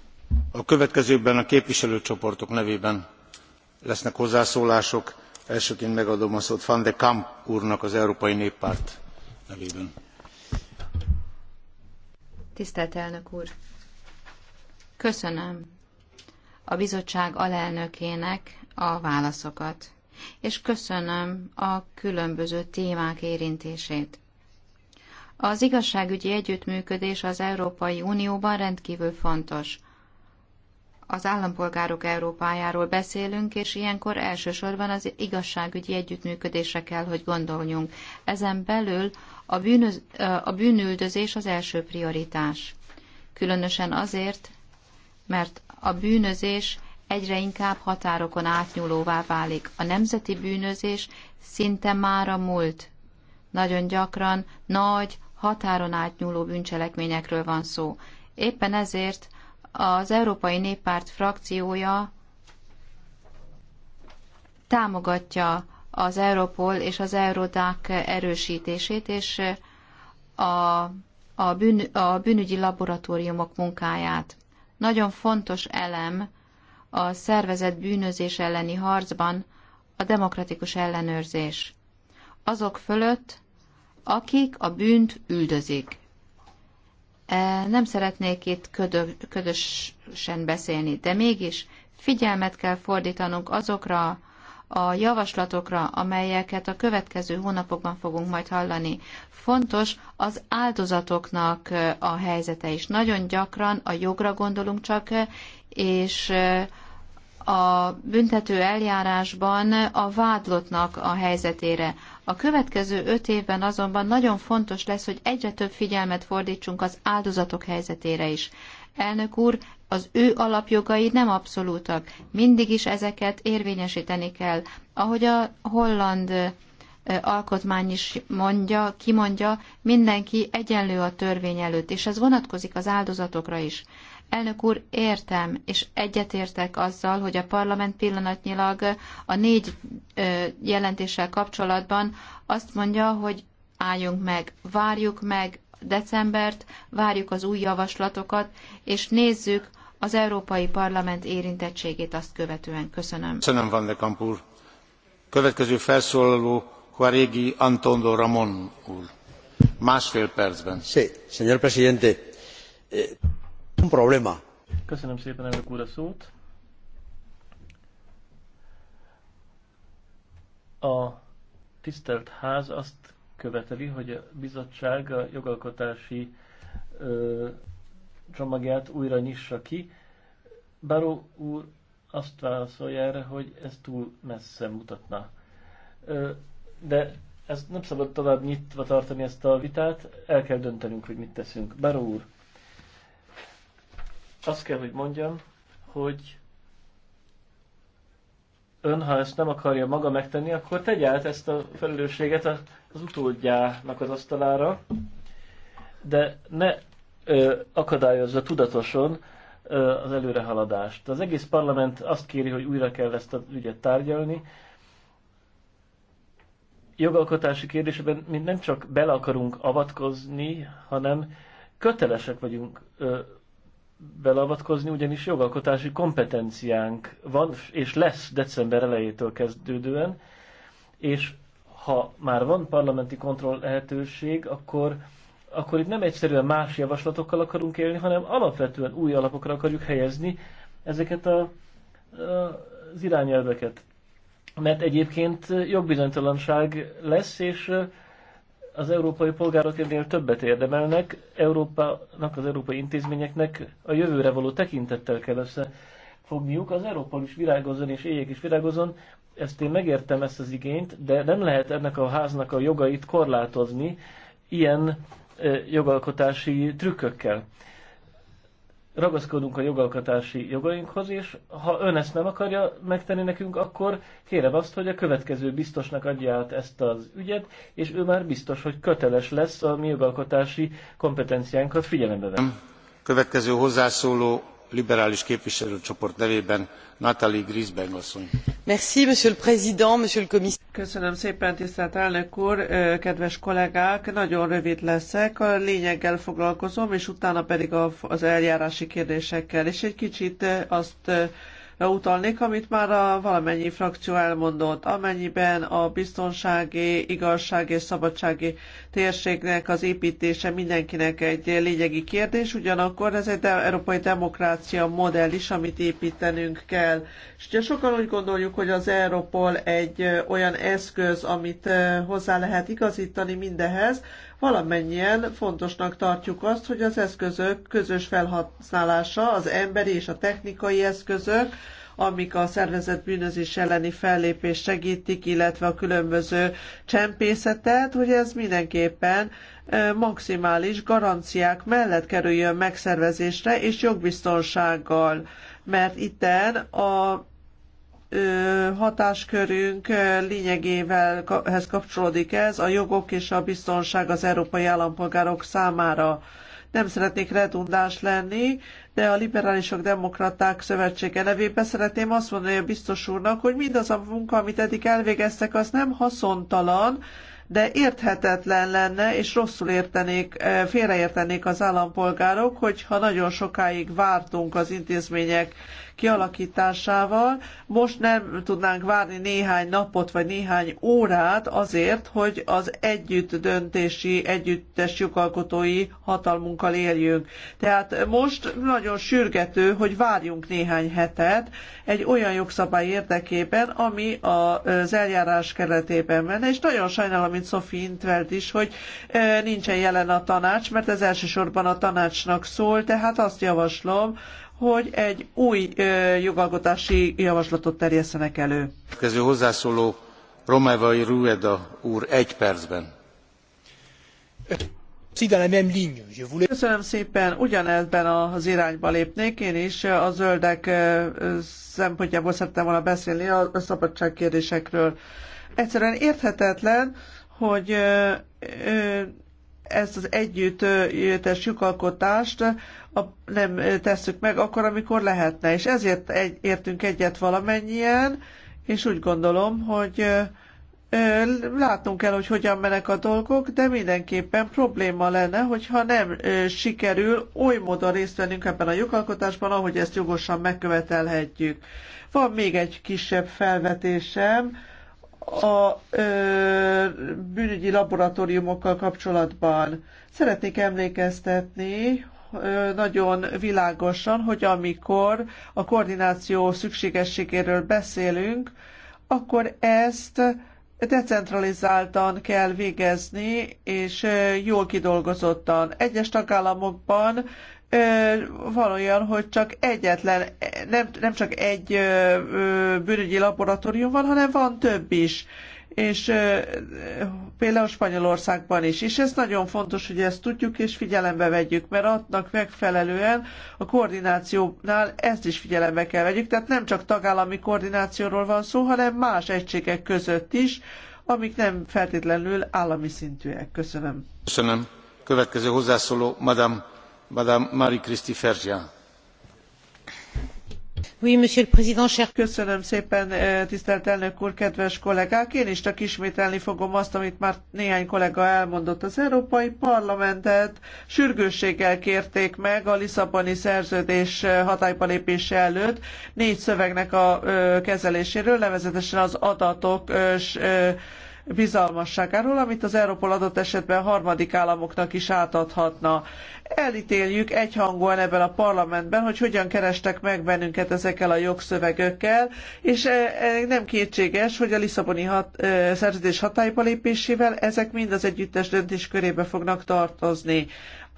A következőkben a képviselőcsoportok nevében lesznek hozzászólások. Elsőként megadom a szót Van de camp úrnak az Európai Néppárt nevében. Tisztelt elnök úr! Köszönöm a bizottság alelnökének a válaszokat és köszönöm a különböző témák érintését. Az igazságügyi együttműködés az Európai Unióban rendkívül fontos. Az állampolgárok Európájáról beszélünk, és ilyenkor elsősorban az igazságügyi együttműködésre kell, hogy gondoljunk. Ezen belül a, bűnöz, a bűnüldözés az első prioritás. Különösen azért, mert a bűnözés egyre inkább határokon átnyúlóvá válik. A nemzeti bűnözés szinte már a múlt. Nagyon gyakran nagy, határon átnyúló bűncselekményekről van szó. Éppen ezért az Európai Néppárt frakciója támogatja az Europol és az Eurodák erősítését, és a, a, bűn, a bűnügyi laboratóriumok munkáját. Nagyon fontos elem a szervezett bűnözés elleni harcban a demokratikus ellenőrzés. Azok fölött, akik a bűnt üldözik. E, nem szeretnék itt ködö, ködösen beszélni, de mégis figyelmet kell fordítanunk azokra a javaslatokra, amelyeket a következő hónapokban fogunk majd hallani. Fontos az áldozatoknak a helyzete is. Nagyon gyakran a jogra gondolunk csak, és a büntető eljárásban a vádlottnak a helyzetére. A következő öt évben azonban nagyon fontos lesz, hogy egyre több figyelmet fordítsunk az áldozatok helyzetére is. Elnök úr, az ő alapjogai nem abszolútak. Mindig is ezeket érvényesíteni kell. Ahogy a holland alkotmány is mondja, kimondja, mindenki egyenlő a törvény előtt, és ez vonatkozik az áldozatokra is. Elnök úr, értem, és egyetértek azzal, hogy a parlament pillanatnyilag a négy jelentéssel kapcsolatban azt mondja, hogy álljunk meg, várjuk meg decembert, várjuk az új javaslatokat, és nézzük, az Európai Parlament érintettségét azt követően. Köszönöm. Köszönöm, Van de Kampur. Következő felszólaló Juaregi Antondo Ramon úr. Másfél percben. Sí, señor presidente. Eh, un problema. Köszönöm szépen, elnök úr, a szót. A tisztelt ház azt követeli, hogy a bizottság a jogalkotási csomagját újra nyissa ki. Baró úr azt válaszolja erre, hogy ez túl messze mutatna. De ezt nem szabad tovább nyitva tartani ezt a vitát, el kell döntenünk, hogy mit teszünk. Baró úr, azt kell, hogy mondjam, hogy ön, ha ezt nem akarja maga megtenni, akkor tegye át ezt a felelősséget az utódjának az asztalára, de ne akadályozza tudatosan az előrehaladást. Az egész parlament azt kéri, hogy újra kell ezt a ügyet tárgyalni. Jogalkotási kérdésben mi nem csak bele akarunk avatkozni, hanem kötelesek vagyunk beleavatkozni, ugyanis jogalkotási kompetenciánk van, és lesz december elejétől kezdődően, és ha már van parlamenti kontroll lehetőség, akkor akkor itt nem egyszerűen más javaslatokkal akarunk élni, hanem alapvetően új alapokra akarjuk helyezni ezeket a, a, az irányelveket. Mert egyébként jogbizonytalanság lesz, és az európai polgárok ennél többet érdemelnek, Európának, az európai intézményeknek a jövőre való tekintettel kell összefogniuk. Az Európa is virágozon és éjek is virágozon, ezt én megértem ezt az igényt, de nem lehet ennek a háznak a jogait korlátozni ilyen jogalkotási trükkökkel. Ragaszkodunk a jogalkotási jogainkhoz, és ha ön ezt nem akarja megtenni nekünk, akkor kérem azt, hogy a következő biztosnak adja át ezt az ügyet, és ő már biztos, hogy köteles lesz a mi jogalkotási kompetenciánkat figyelembe venni. Következő hozzászóló monsieur le président, monsieur le commissaire. Köszönöm szépen, tisztelt kedves kollégák, nagyon rövid leszek, a lényeggel foglalkozom, és utána pedig az eljárási kérdésekkel, és egy kicsit azt utalnék, amit már a valamennyi frakció elmondott, amennyiben a biztonsági, igazság és szabadsági térségnek az építése mindenkinek egy lényegi kérdés, ugyanakkor ez egy de- európai demokrácia modell is, amit építenünk kell. És ugye sokan úgy gondoljuk, hogy az Europol egy olyan eszköz, amit hozzá lehet igazítani mindehez, Valamennyien fontosnak tartjuk azt, hogy az eszközök közös felhasználása, az emberi és a technikai eszközök, amik a szervezet bűnözés elleni fellépés segítik, illetve a különböző csempészetet, hogy ez mindenképpen maximális garanciák mellett kerüljön megszervezésre és jogbiztonsággal, mert itten a hatáskörünk lényegével ehhez kapcsolódik ez, a jogok és a biztonság az európai állampolgárok számára. Nem szeretnék redundás lenni, de a Liberálisok Demokraták Szövetsége nevében szeretném azt mondani a biztos úrnak, hogy mindaz a munka, amit eddig elvégeztek, az nem haszontalan, de érthetetlen lenne, és rosszul értenék, félreértenék az állampolgárok, hogyha nagyon sokáig vártunk az intézmények kialakításával. Most nem tudnánk várni néhány napot vagy néhány órát azért, hogy az együtt döntési, együttes jogalkotói hatalmunkkal éljünk. Tehát most nagyon sürgető, hogy várjunk néhány hetet egy olyan jogszabály érdekében, ami az eljárás keretében menne, és nagyon sajnálom, mint Sophie Intveld is, hogy nincsen jelen a tanács, mert ez elsősorban a tanácsnak szól, tehát azt javaslom, hogy egy új jogalkotási javaslatot terjesztenek elő. Következő hozzászóló Romevai Rueda úr egy percben. Köszönöm szépen, ugyanebben az irányba lépnék. Én is a zöldek szempontjából szerettem volna beszélni a szabadság kérdésekről. Egyszerűen érthetetlen, hogy ezt az együttes lyukalkotást nem tesszük meg akkor, amikor lehetne. És ezért egy, értünk egyet valamennyien, és úgy gondolom, hogy látunk el, hogy hogyan menek a dolgok, de mindenképpen probléma lenne, hogyha nem sikerül oly módon részt vennünk ebben a jogalkotásban, ahogy ezt jogosan megkövetelhetjük. Van még egy kisebb felvetésem, a ö, bűnügyi laboratóriumokkal kapcsolatban. Szeretnék emlékeztetni, nagyon világosan, hogy amikor a koordináció szükségességéről beszélünk, akkor ezt decentralizáltan kell végezni, és jól kidolgozottan. Egyes tagállamokban van olyan, hogy csak egyetlen, nem, nem csak egy bűnügyi laboratórium van, hanem van több is és például Spanyolországban is. És ez nagyon fontos, hogy ezt tudjuk és figyelembe vegyük, mert annak megfelelően a koordinációnál ezt is figyelembe kell vegyük. Tehát nem csak tagállami koordinációról van szó, hanem más egységek között is, amik nem feltétlenül állami szintűek. Köszönöm. Köszönöm. Következő hozzászóló, Madame Eh, tisztelt elnök úr, kedves kollégák! Én is csak ismételni fogom azt, amit már néhány kollega elmondott. Az Európai Parlamentet sürgősséggel kérték meg a Lisszaboni szerződés eh, hatályba lépése előtt négy szövegnek a eh, kezeléséről, nevezetesen az adatok bizalmasságáról, amit az europol adott esetben harmadik államoknak is átadhatna elítéljük egyhangúan ebben a parlamentben, hogy hogyan kerestek meg bennünket ezekkel a jogszövegökkel, és e, e, nem kétséges, hogy a Lisszaboni hat, e, szerződés hatályba lépésével ezek mind az együttes döntés körébe fognak tartozni.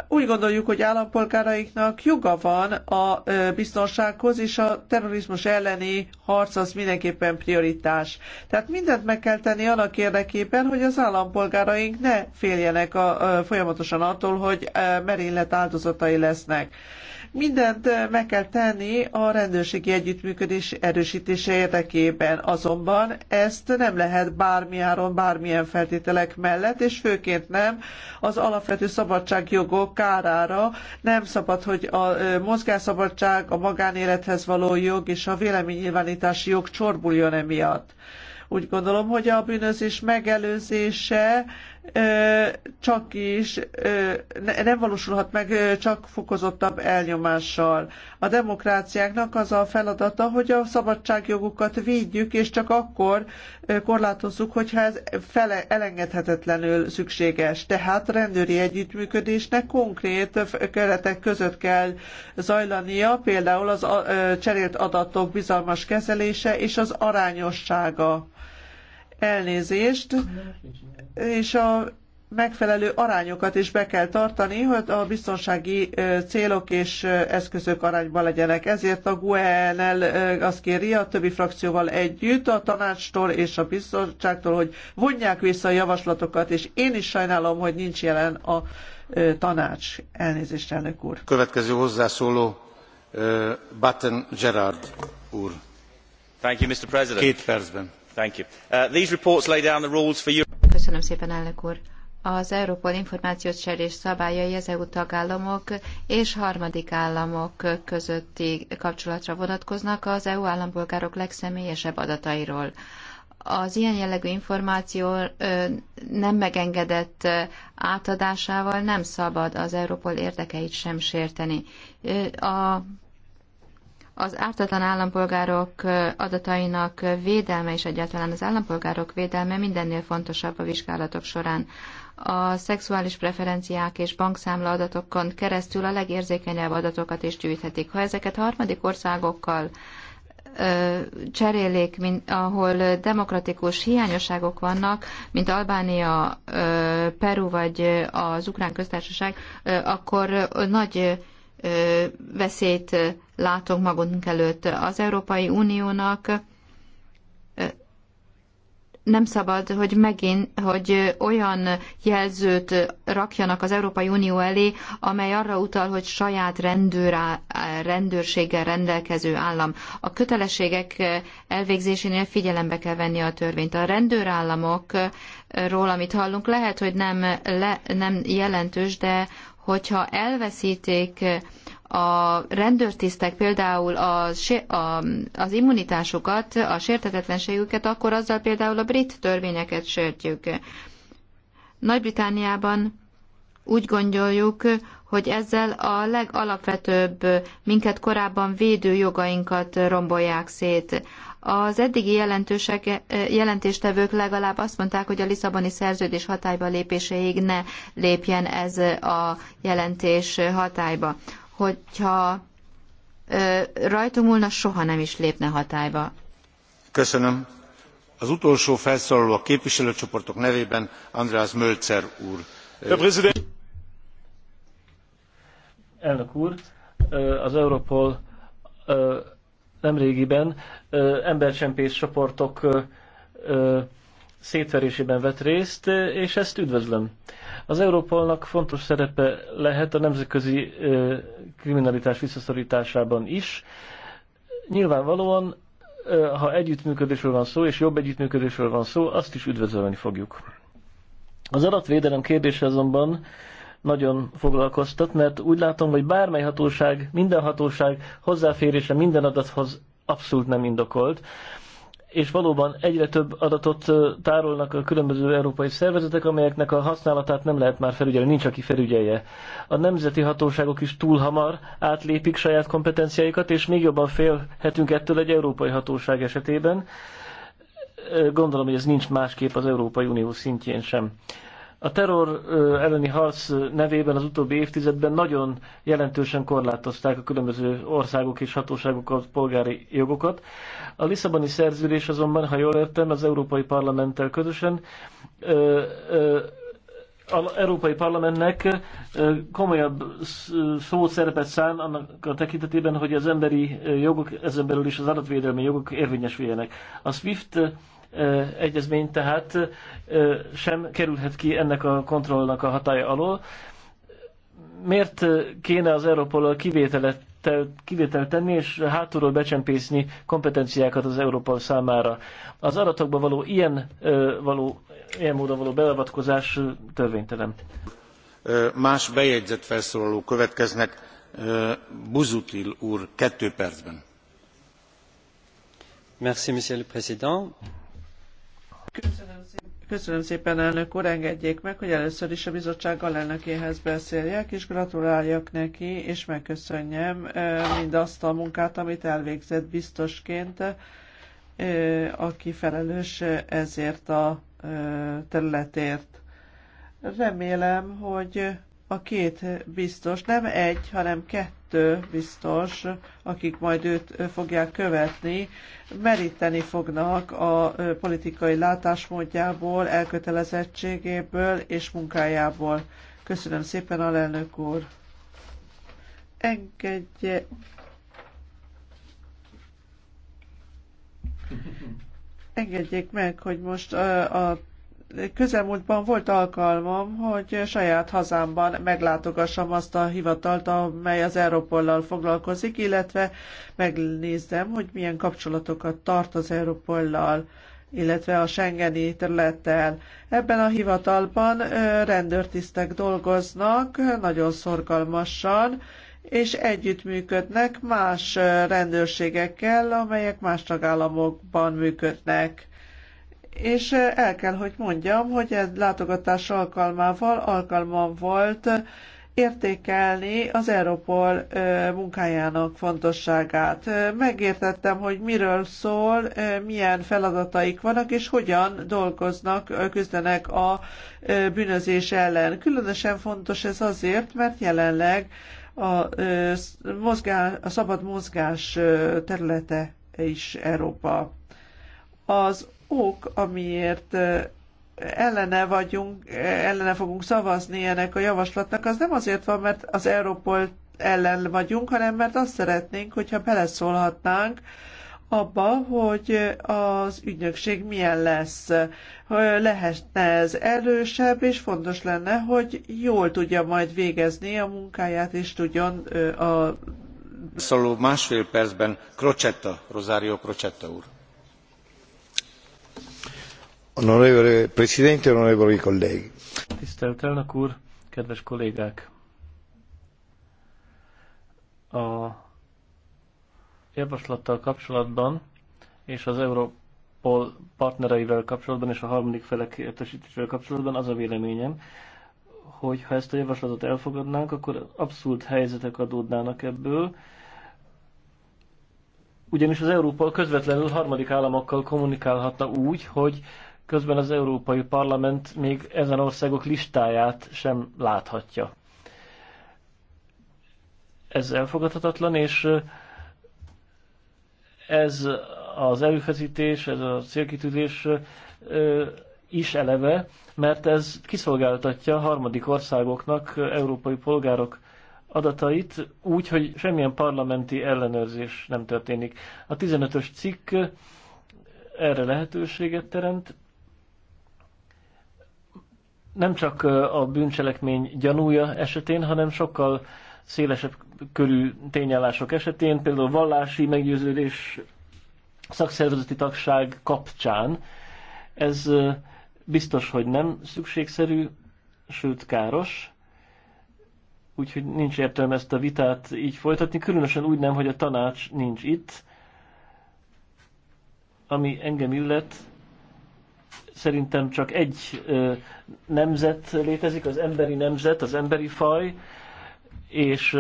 Úgy gondoljuk, hogy állampolgáraiknak joga van a biztonsághoz, és a terrorizmus elleni harc az mindenképpen prioritás. Tehát mindent meg kell tenni annak érdekében, hogy az állampolgáraink ne féljenek a, a, folyamatosan attól, hogy merénylet bűnöket áldozatai lesznek. Mindent eh, meg kell tenni a rendőrségi együttműködés erősítése érdekében, azonban ezt nem lehet bármiáron, bármilyen feltételek mellett, és főként nem az alapvető szabadságjogok kárára. Nem szabad, hogy a eh, mozgásszabadság, a magánélethez való jog és a véleménynyilvánítási jog csorbuljon emiatt úgy gondolom, hogy a bűnözés megelőzése csak is nem valósulhat meg csak fokozottabb elnyomással. A demokráciáknak az a feladata, hogy a szabadságjogokat védjük, és csak akkor korlátozzuk, hogyha ez fele, elengedhetetlenül szükséges. Tehát rendőri együttműködésnek konkrét keretek között kell zajlania, például az cserélt adatok bizalmas kezelése és az arányossága. Elnézést és a megfelelő arányokat is be kell tartani, hogy a biztonsági célok és eszközök arányban legyenek. Ezért a GUE-nel azt kéri a többi frakcióval együtt a tanácstól és a bizottságtól, hogy vonják vissza a javaslatokat, és én is sajnálom, hogy nincs jelen a tanács. Elnézést, elnök úr. Következő hozzászóló Batten Gerard úr. Thank you, Mr. President. Két percben. Thank you. Uh, these reports lay down the rules for Europe. Köszönöm szépen, elnök úr. Az Európol információs cserés szabályai az EU tagállamok és harmadik államok közötti kapcsolatra vonatkoznak az EU állampolgárok legszemélyesebb adatairól. Az ilyen jellegű információ nem megengedett átadásával nem szabad az Európol érdekeit sem sérteni. A az ártatlan állampolgárok adatainak védelme és egyáltalán az állampolgárok védelme mindennél fontosabb a vizsgálatok során. A szexuális preferenciák és bankszámla adatokon keresztül a legérzékenyebb adatokat is gyűjthetik. Ha ezeket harmadik országokkal cserélék, mint, ahol demokratikus hiányosságok vannak, mint Albánia, Peru vagy az Ukrán köztársaság, akkor nagy veszélyt látunk magunk előtt. Az Európai Uniónak nem szabad, hogy megint, hogy olyan jelzőt rakjanak az Európai Unió elé, amely arra utal, hogy saját rendőr, rendőrséggel rendelkező állam. A kötelességek elvégzésénél figyelembe kell venni a törvényt. A rendőrállamokról, amit hallunk, lehet, hogy nem, le, nem jelentős, de hogyha elveszítik a rendőrtisztek például a, a, az immunitásukat, a sértetetlenségüket, akkor azzal például a brit törvényeket sértjük. Nagy-Britániában úgy gondoljuk, hogy ezzel a legalapvetőbb, minket korábban védő jogainkat rombolják szét. Az eddigi jelentősek, eh, jelentéstevők legalább azt mondták, hogy a Lisszaboni szerződés hatályba lépéséig ne lépjen ez a jelentés hatályba. Hogyha rajtunk múlna, soha nem is lépne hatályba. Köszönöm. Az utolsó felszólaló a képviselőcsoportok nevében András Mölzer úr. Elnök úr, az Europol nemrégiben embercsempész csoportok szétverésében vett részt, és ezt üdvözlöm. Az Európolnak fontos szerepe lehet a nemzetközi kriminalitás visszaszorításában is. Nyilvánvalóan, ha együttműködésről van szó, és jobb együttműködésről van szó, azt is üdvözölni fogjuk. Az adatvédelem kérdése azonban nagyon foglalkoztat, mert úgy látom, hogy bármely hatóság, minden hatóság hozzáférése minden adathoz abszolút nem indokolt, és valóban egyre több adatot tárolnak a különböző európai szervezetek, amelyeknek a használatát nem lehet már felügyelni, nincs aki felügyelje. A nemzeti hatóságok is túl hamar átlépik saját kompetenciáikat, és még jobban félhetünk ettől egy európai hatóság esetében. Gondolom, hogy ez nincs másképp az Európai Unió szintjén sem. A terror elleni harc nevében az utóbbi évtizedben nagyon jelentősen korlátozták a különböző országok és hatóságok a polgári jogokat. A Lisszaboni szerződés azonban, ha jól értem, az Európai Parlamenttel közösen az Európai Parlamentnek komolyabb szó szerepet szán annak a tekintetében, hogy az emberi jogok, ezen belül is az adatvédelmi jogok érvényesüljenek. A SWIFT egyezmény tehát sem kerülhet ki ennek a kontrollnak a hatája alól. Miért kéne az Európol kivételet kivételt tenni, és hátulról becsempészni kompetenciákat az Európol számára. Az adatokba való ilyen, való, ilyen módon való beavatkozás törvénytelen. Más bejegyzett felszólaló következnek. Buzutil úr, kettő percben. Merci, monsieur le président Köszönöm szépen. elnök úr, engedjék meg, hogy először is a bizottság alelnökéhez beszéljek, és gratuláljak neki, és megköszönjem mindazt a munkát, amit elvégzett biztosként, aki felelős ezért a területért. Remélem, hogy a két biztos, nem egy, hanem kettő, kettő biztos, akik majd őt fogják követni, meríteni fognak a politikai látásmódjából, elkötelezettségéből és munkájából. Köszönöm szépen, alelnök úr! Engedje... Engedjék meg, hogy most a, a közelmúltban volt alkalmam, hogy saját hazámban meglátogassam azt a hivatalt, amely az Európollal foglalkozik, illetve megnézzem, hogy milyen kapcsolatokat tart az Európollal illetve a Schengeni területtel. Ebben a hivatalban rendőrtisztek dolgoznak nagyon szorgalmasan, és együttműködnek más rendőrségekkel, amelyek más tagállamokban működnek és eh, el kell, hogy mondjam, hogy egy látogatás alkalmával alkalmam volt értékelni az Europol eh, munkájának fontosságát. Eh, megértettem, hogy miről szól, milyen feladataik vannak, és hogyan dolgoznak, küzdenek a bűnözés ellen. Különösen fontos ez azért, mert jelenleg a, mozgás, a szabad mozgás területe is Európa. Az ok, amiért ellene vagyunk, ellene fogunk szavazni ennek a javaslatnak, az nem azért van, mert az Európol ellen vagyunk, hanem mert azt szeretnénk, hogyha beleszólhatnánk abba, hogy az ügynökség milyen lesz. Lehetne ez erősebb, és fontos lenne, hogy jól tudja majd végezni a munkáját, és tudjon a... Szóló másfél percben Crocetta, Rosario Crocetta úr. Tisztelt elnök úr, kedves kollégák! A javaslattal kapcsolatban és az Europol partnereivel kapcsolatban és a harmadik felek értesítésével kapcsolatban az a véleményem, hogy ha ezt a javaslatot elfogadnánk, akkor abszurd helyzetek adódnának ebből, ugyanis az Európa közvetlenül harmadik államokkal kommunikálhatna úgy, hogy Közben az Európai Parlament még ezen országok listáját sem láthatja. Ez elfogadhatatlan, és ez az előfeszítés, ez a célkitűzés is eleve, mert ez kiszolgáltatja harmadik országoknak európai polgárok adatait úgy, hogy semmilyen parlamenti ellenőrzés nem történik. A 15-ös cikk erre lehetőséget teremt, nem csak a bűncselekmény gyanúja esetén, hanem sokkal szélesebb körű tényállások esetén, például vallási meggyőződés, szakszervezeti tagság kapcsán. Ez biztos, hogy nem szükségszerű, sőt káros, úgyhogy nincs értelme ezt a vitát így folytatni, különösen úgy nem, hogy a tanács nincs itt, ami engem illet, szerintem csak egy nemzet létezik, az emberi nemzet, az emberi faj, és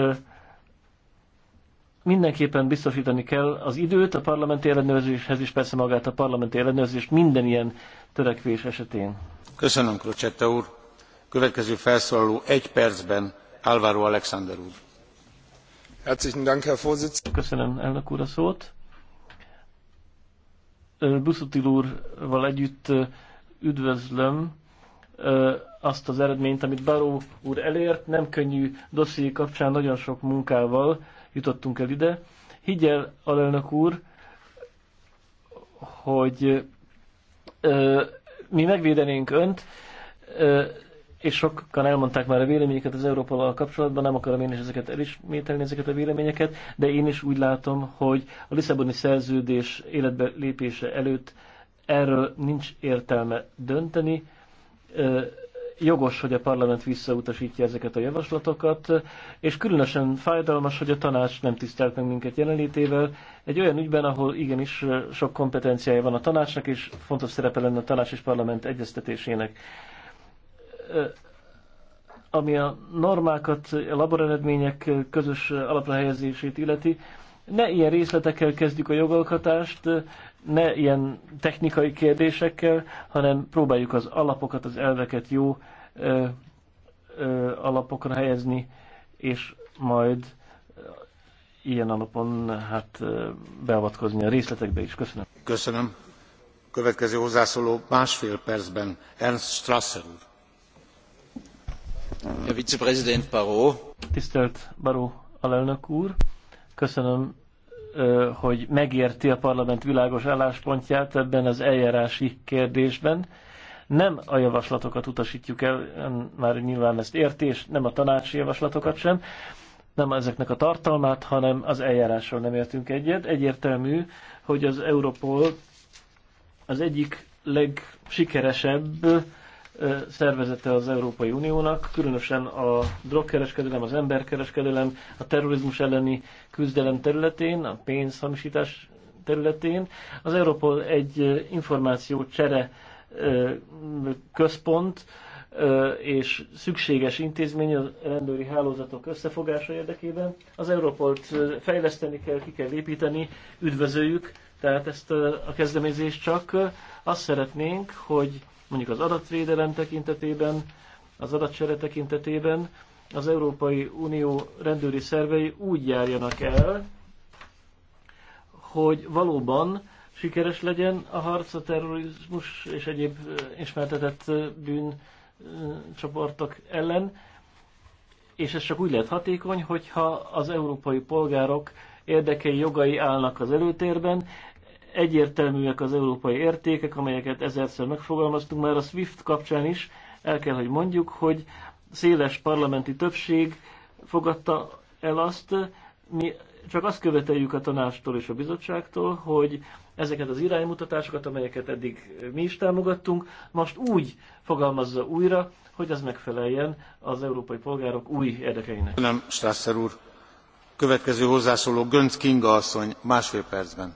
mindenképpen biztosítani kell az időt a parlamenti ellenőrzéshez is, persze magát a parlamenti ellenőrzést minden ilyen törekvés esetén. Köszönöm, Krocsetta úr. Következő felszólaló egy percben Álvaro Alexander úr. Herzlichen Dank, Herr Köszönöm, elnök úr, a szót. Buszutil úrval együtt üdvözlöm azt az eredményt, amit Baró úr elért. Nem könnyű dosszié kapcsán nagyon sok munkával jutottunk el ide. Higgyel, alelnök úr, hogy mi megvédenénk önt, és sokan elmondták már a véleményeket az Európával kapcsolatban, nem akarom én is ezeket elismételni, ezeket a véleményeket, de én is úgy látom, hogy a Lisszaboni szerződés életbe lépése előtt erről nincs értelme dönteni. Jogos, hogy a parlament visszautasítja ezeket a javaslatokat, és különösen fájdalmas, hogy a tanács nem tisztelt meg minket jelenlétével. Egy olyan ügyben, ahol igenis sok kompetenciája van a tanácsnak, és fontos szerepe lenne a tanács és parlament egyeztetésének ami a normákat, a laboreredmények közös alapra helyezését illeti, ne ilyen részletekkel kezdjük a jogalkotást, ne ilyen technikai kérdésekkel, hanem próbáljuk az alapokat, az elveket jó ö, ö, alapokra helyezni, és majd ilyen alapon hát beavatkozni a részletekbe is. Köszönöm. Köszönöm. Következő hozzászóló másfél percben Ernst Strasser úr Baró. Tisztelt Baró alelnök úr, köszönöm, hogy megérti a parlament világos álláspontját ebben az eljárási kérdésben. Nem a javaslatokat utasítjuk el, már nyilván ezt értés, nem a tanácsi javaslatokat sem, nem ezeknek a tartalmát, hanem az eljárással nem értünk egyet. Egyértelmű, hogy az Europol az egyik legsikeresebb szervezete az Európai Uniónak, különösen a drogkereskedelem, az emberkereskedelem, a terrorizmus elleni küzdelem területén, a pénzhamisítás területén. Az Európol egy információ csere központ és szükséges intézmény a rendőri hálózatok összefogása érdekében. Az Európolt fejleszteni kell, ki kell építeni, üdvözöljük, tehát ezt a kezdeményezést csak azt szeretnénk, hogy mondjuk az adatvédelem tekintetében, az adatsere tekintetében az Európai Unió rendőri szervei úgy járjanak el, hogy valóban sikeres legyen a harc a terrorizmus és egyéb ismertetett bűncsoportok ellen, és ez csak úgy lehet hatékony, hogyha az európai polgárok érdekei, jogai állnak az előtérben, egyértelműek az európai értékek, amelyeket ezerszer megfogalmaztunk már a SWIFT kapcsán is, el kell, hogy mondjuk, hogy széles parlamenti többség fogadta el azt, mi csak azt követeljük a tanástól és a bizottságtól, hogy ezeket az iránymutatásokat, amelyeket eddig mi is támogattunk, most úgy fogalmazza újra, hogy az megfeleljen az európai polgárok új érdekeinek. Köszönöm, Strasser úr. Következő hozzászóló Gönc Kinga asszony, másfél percben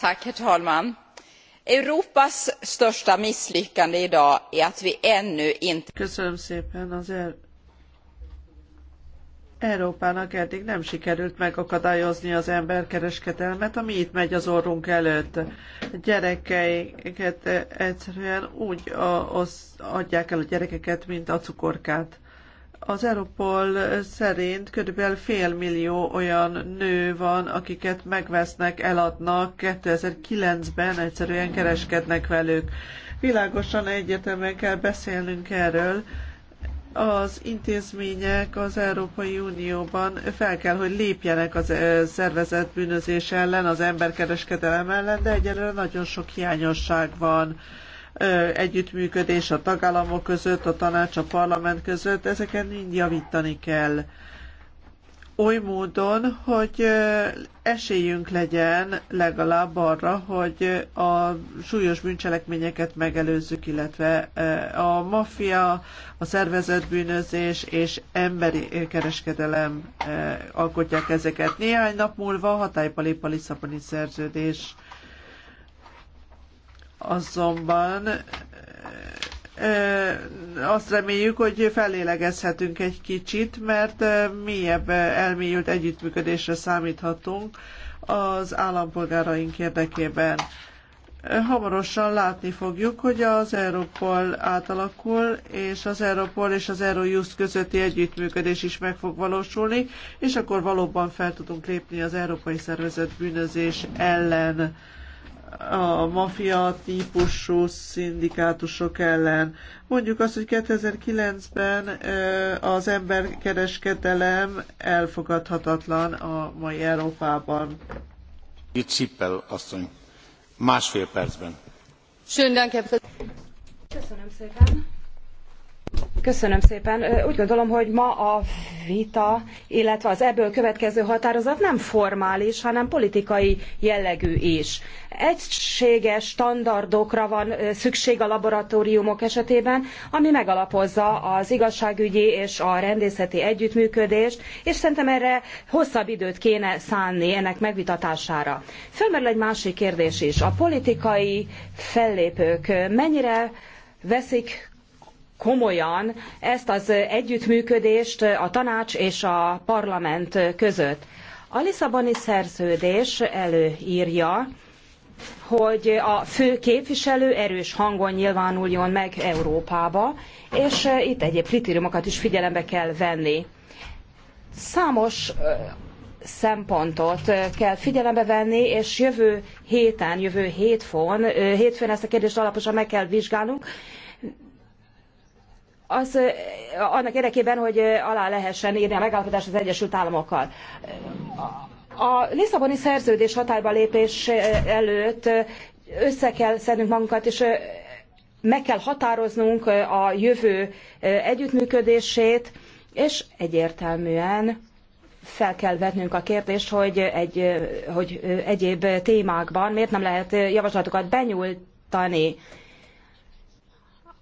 herr talman! europas största misslyckande i dag är att vi ännu inte. köszönöm szépen az e- Európának eddig nem sikerült megakadályozni az emberkereskedelmet, ami itt megy az orrunk előtt. Gyerekeiket egyszerűen úgy adják el a gyerekeket, mint a cukorkát. Az Europol szerint kb. fél millió olyan nő van, akiket megvesznek, eladnak, 2009-ben egyszerűen kereskednek velük. Világosan egyetemen kell beszélnünk erről, az intézmények az Európai Unióban fel kell, hogy lépjenek az szervezett bűnözés ellen, az emberkereskedelem ellen, de egyelőre nagyon sok hiányosság van együttműködés a tagállamok között, a tanács, a parlament között, ezeken mind javítani kell. Oly módon, hogy esélyünk legyen legalább arra, hogy a súlyos bűncselekményeket megelőzzük, illetve a maffia, a szervezett bűnözés és emberi kereskedelem alkotják ezeket. Néhány nap múlva hatályba lép a Lisszaboni szerződés Azonban azt reméljük, hogy felélegezhetünk egy kicsit, mert mélyebb elmélyült együttműködésre számíthatunk az állampolgáraink érdekében. Hamarosan látni fogjuk, hogy az Európol átalakul, és az Európol és az Eurojust közötti együttműködés is meg fog valósulni, és akkor valóban fel tudunk lépni az európai szervezet bűnözés ellen a mafia típusú szindikátusok ellen. Mondjuk azt, hogy 2009-ben az emberkereskedelem elfogadhatatlan a mai Európában. Itt Csippel asszony, másfél percben. Köszönöm szépen. Köszönöm szépen. Úgy gondolom, hogy ma a vita, illetve az ebből következő határozat nem formális, hanem politikai jellegű is. Egységes standardokra van szükség a laboratóriumok esetében, ami megalapozza az igazságügyi és a rendészeti együttműködést, és szerintem erre hosszabb időt kéne szánni ennek megvitatására. Fölmerül egy másik kérdés is. A politikai fellépők mennyire veszik komolyan ezt az együttműködést a tanács és a parlament között. A Lisszaboni szerződés előírja, hogy a fő képviselő erős hangon nyilvánuljon meg Európába, és eh, itt egyéb kritériumokat is figyelembe kell venni. Számos eh, szempontot eh, kell figyelembe venni, és jövő héten, jövő hétfón, hétfőn ezt a kérdést alaposan meg kell vizsgálnunk, az annak érdekében, hogy alá lehessen írni a megállapodást az Egyesült Államokkal. A Lisszaboni szerződés hatályba lépés előtt össze kell szednünk magunkat, és meg kell határoznunk a jövő együttműködését, és egyértelműen fel kell vetnünk a kérdést, hogy, egy, hogy egyéb témákban miért nem lehet javaslatokat benyújtani.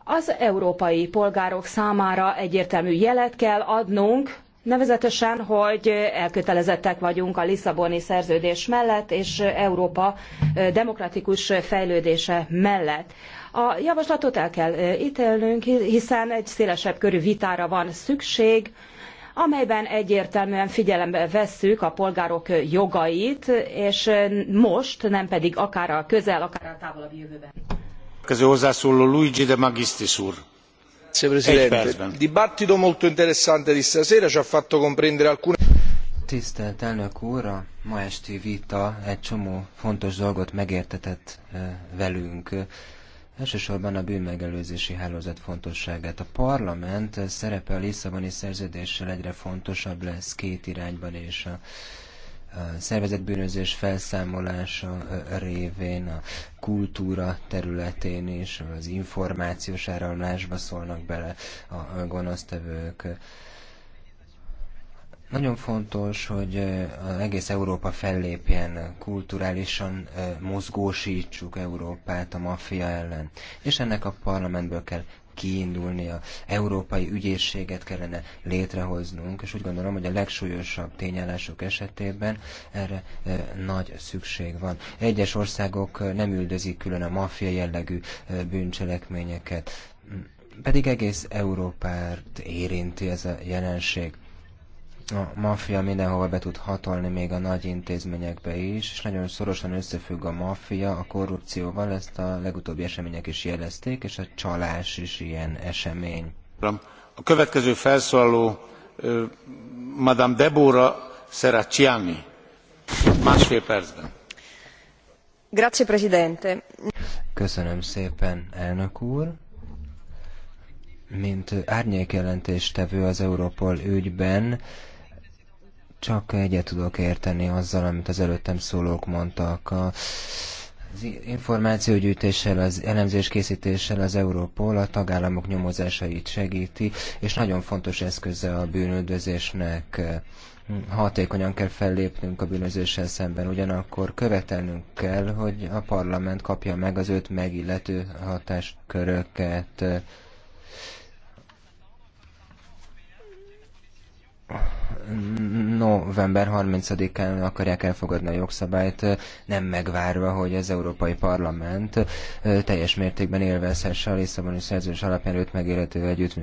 Az európai polgárok számára egyértelmű jelet kell adnunk, nevezetesen, hogy elkötelezettek vagyunk a Lisszaboni szerződés mellett és Európa demokratikus fejlődése mellett. A javaslatot el kell ítélnünk, hiszen egy szélesebb körű vitára van szükség, amelyben egyértelműen figyelembe vesszük a polgárok jogait, és most, nem pedig akár a közel, akár a távolabb jövőben dibattito molto interessante di stasera ci ha fatto comprendere alcune. tisztelt elnök úr a ma esti vita egy csomó fontos dolgot megértetett eh, velünk. Elsősorban a bűnmegelőzési hálózat fontosságát. A parlament szerepe a Lisszaboni szerződéssel egyre fontosabb lesz két irányban, és a szervezetbűnözés felszámolása révén, a kultúra területén is, az információs áramlásba szólnak bele a gonosztevők. Nagyon fontos, hogy egész Európa fellépjen, kulturálisan mozgósítsuk Európát a maffia ellen, és ennek a parlamentből kell kiindulnia. Európai ügyészséget kellene létrehoznunk, és úgy gondolom, hogy a legsúlyosabb tényállások esetében erre e, nagy szükség van. Egyes országok e, nem üldözik külön a maffia jellegű e, bűncselekményeket, pedig egész Európát érinti ez a jelenség a maffia mindenhova be tud hatolni, még a nagy intézményekbe is, és nagyon szorosan összefügg a maffia a korrupcióval, ezt a legutóbbi események is jelezték, és a csalás is ilyen esemény. A következő felszólaló Madame Deborah Seracciani. másfél percben. Grazie, Presidente. Köszönöm szépen, elnök úr mint árnyékjelentéstevő az Europol ügyben, csak egyet tudok érteni azzal, amit az előttem szólók mondtak. A, az információgyűjtéssel, az elemzés készítéssel az Európol a tagállamok nyomozásait segíti, és nagyon fontos eszköze a bűnöldözésnek hatékonyan kell fellépnünk a bűnözéssel szemben, ugyanakkor követelnünk kell, hogy a parlament kapja meg az őt megillető hatásköröket. november 30-án akarják elfogadni a jogszabályt, nem megvárva, hogy az Európai Parlament teljes mértékben élvezhesse a Lisszaboni szerződés alapján őt megélhető együtt,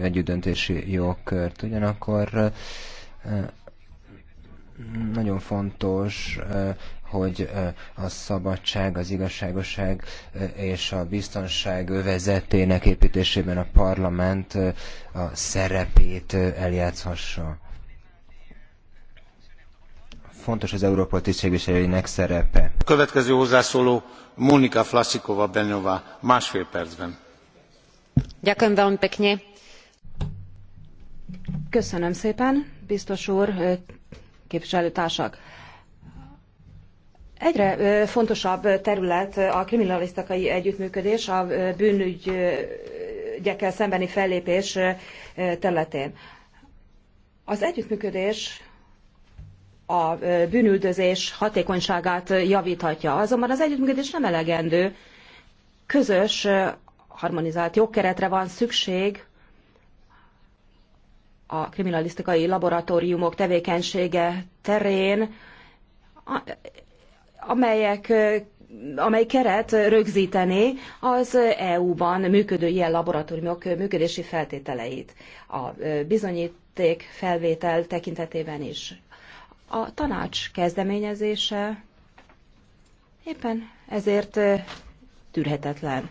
együttdöntési jogkört. Ugyanakkor nagyon fontos hogy a szabadság, az igazságoság és a biztonság övezetének építésében a parlament a szerepét eljátszhassa fontos az Európa tisztségviselőinek szerepe. A következő hozzászóló Monika Flasikova Benova. másfél percben. Ďakujem veľmi pekne. Köszönöm szépen, biztos úr, képviselőtársak. Egyre fontosabb terület a kriminalisztikai együttműködés a bűnügyekkel szembeni fellépés területén. Az együttműködés a bűnüldözés hatékonyságát javíthatja. Azonban az együttműködés nem elegendő. Közös, harmonizált jogkeretre van szükség a kriminalisztikai laboratóriumok tevékenysége terén, amelyek amely keret rögzítené az EU-ban működő ilyen laboratóriumok működési feltételeit a bizonyíték felvétel tekintetében is. A tanács kezdeményezése éppen ezért tűrhetetlen.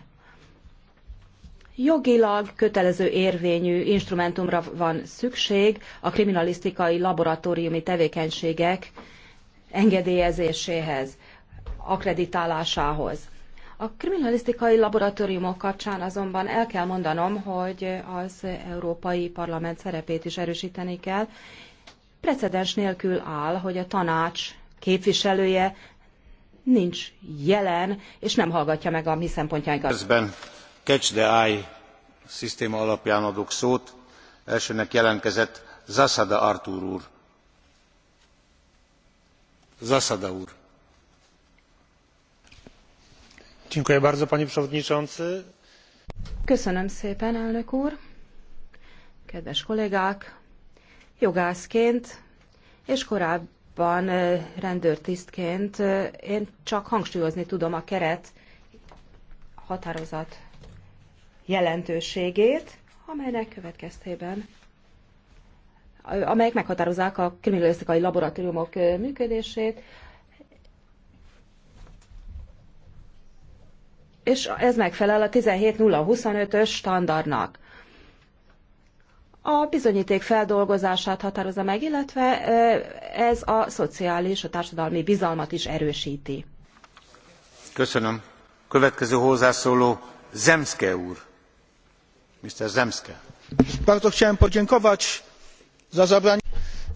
Jogilag kötelező érvényű instrumentumra van szükség a kriminalisztikai laboratóriumi tevékenységek engedélyezéséhez akreditálásához. A kriminalisztikai laboratóriumok kapcsán azonban el kell mondanom, hogy az Európai Parlament szerepét is erősíteni kell. Precedens nélkül áll, hogy a tanács képviselője nincs jelen, és nem hallgatja meg a mi szempontjainkat. Közben Catch the Eye szisztéma alapján adok szót. Elsőnek jelentkezett Zasada Artur úr. Zasada úr Köszönöm szépen, Kedves kollégák! Jogászként és korábban rendőrtisztként én csak hangsúlyozni tudom a keret határozat jelentőségét, amelynek következtében amelyek meghatározzák a kriminalisztikai laboratóriumok működését, és ez megfelel a 17.025-ös standardnak. A bizonyíték feldolgozását határozza meg, illetve ez a szociális, a társadalmi bizalmat is erősíti. Köszönöm. Következő hozzászóló Zemszke úr. Mr. Zemszke.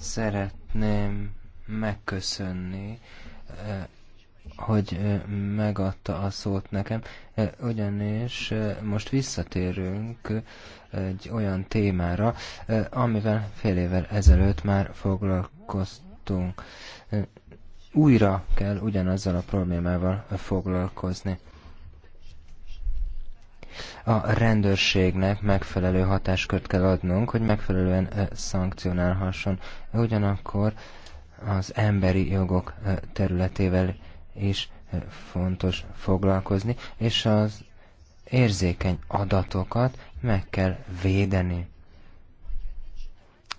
Szeretném megköszönni e, hogy megadta a szót nekem, ugyanis most visszatérünk egy olyan témára, amivel fél évvel ezelőtt már foglalkoztunk. Újra kell ugyanazzal a problémával foglalkozni. A rendőrségnek megfelelő hatáskört kell adnunk, hogy megfelelően szankcionálhasson. Ugyanakkor az emberi jogok területével is eh, fontos foglalkozni, és az érzékeny adatokat meg kell védeni.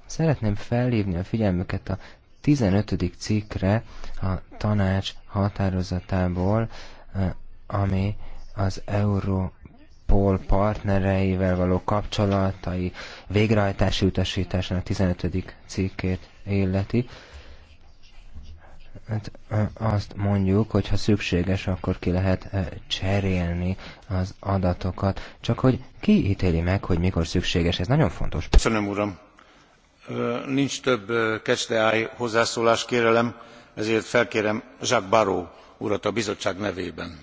Szeretném felhívni a figyelmüket a 15. cikkre a tanács határozatából, eh, ami az Europol partnereivel való kapcsolatai végrehajtási utasításának 15. cikkét illeti. Hát azt mondjuk, hogy ha szükséges, akkor ki lehet cserélni az adatokat. Csak hogy ki ítéli meg, hogy mikor szükséges, ez nagyon fontos. Köszönöm, uram. Nincs több kesteáj hozzászólás kérelem, ezért felkérem Jacques Baró urat a bizottság nevében.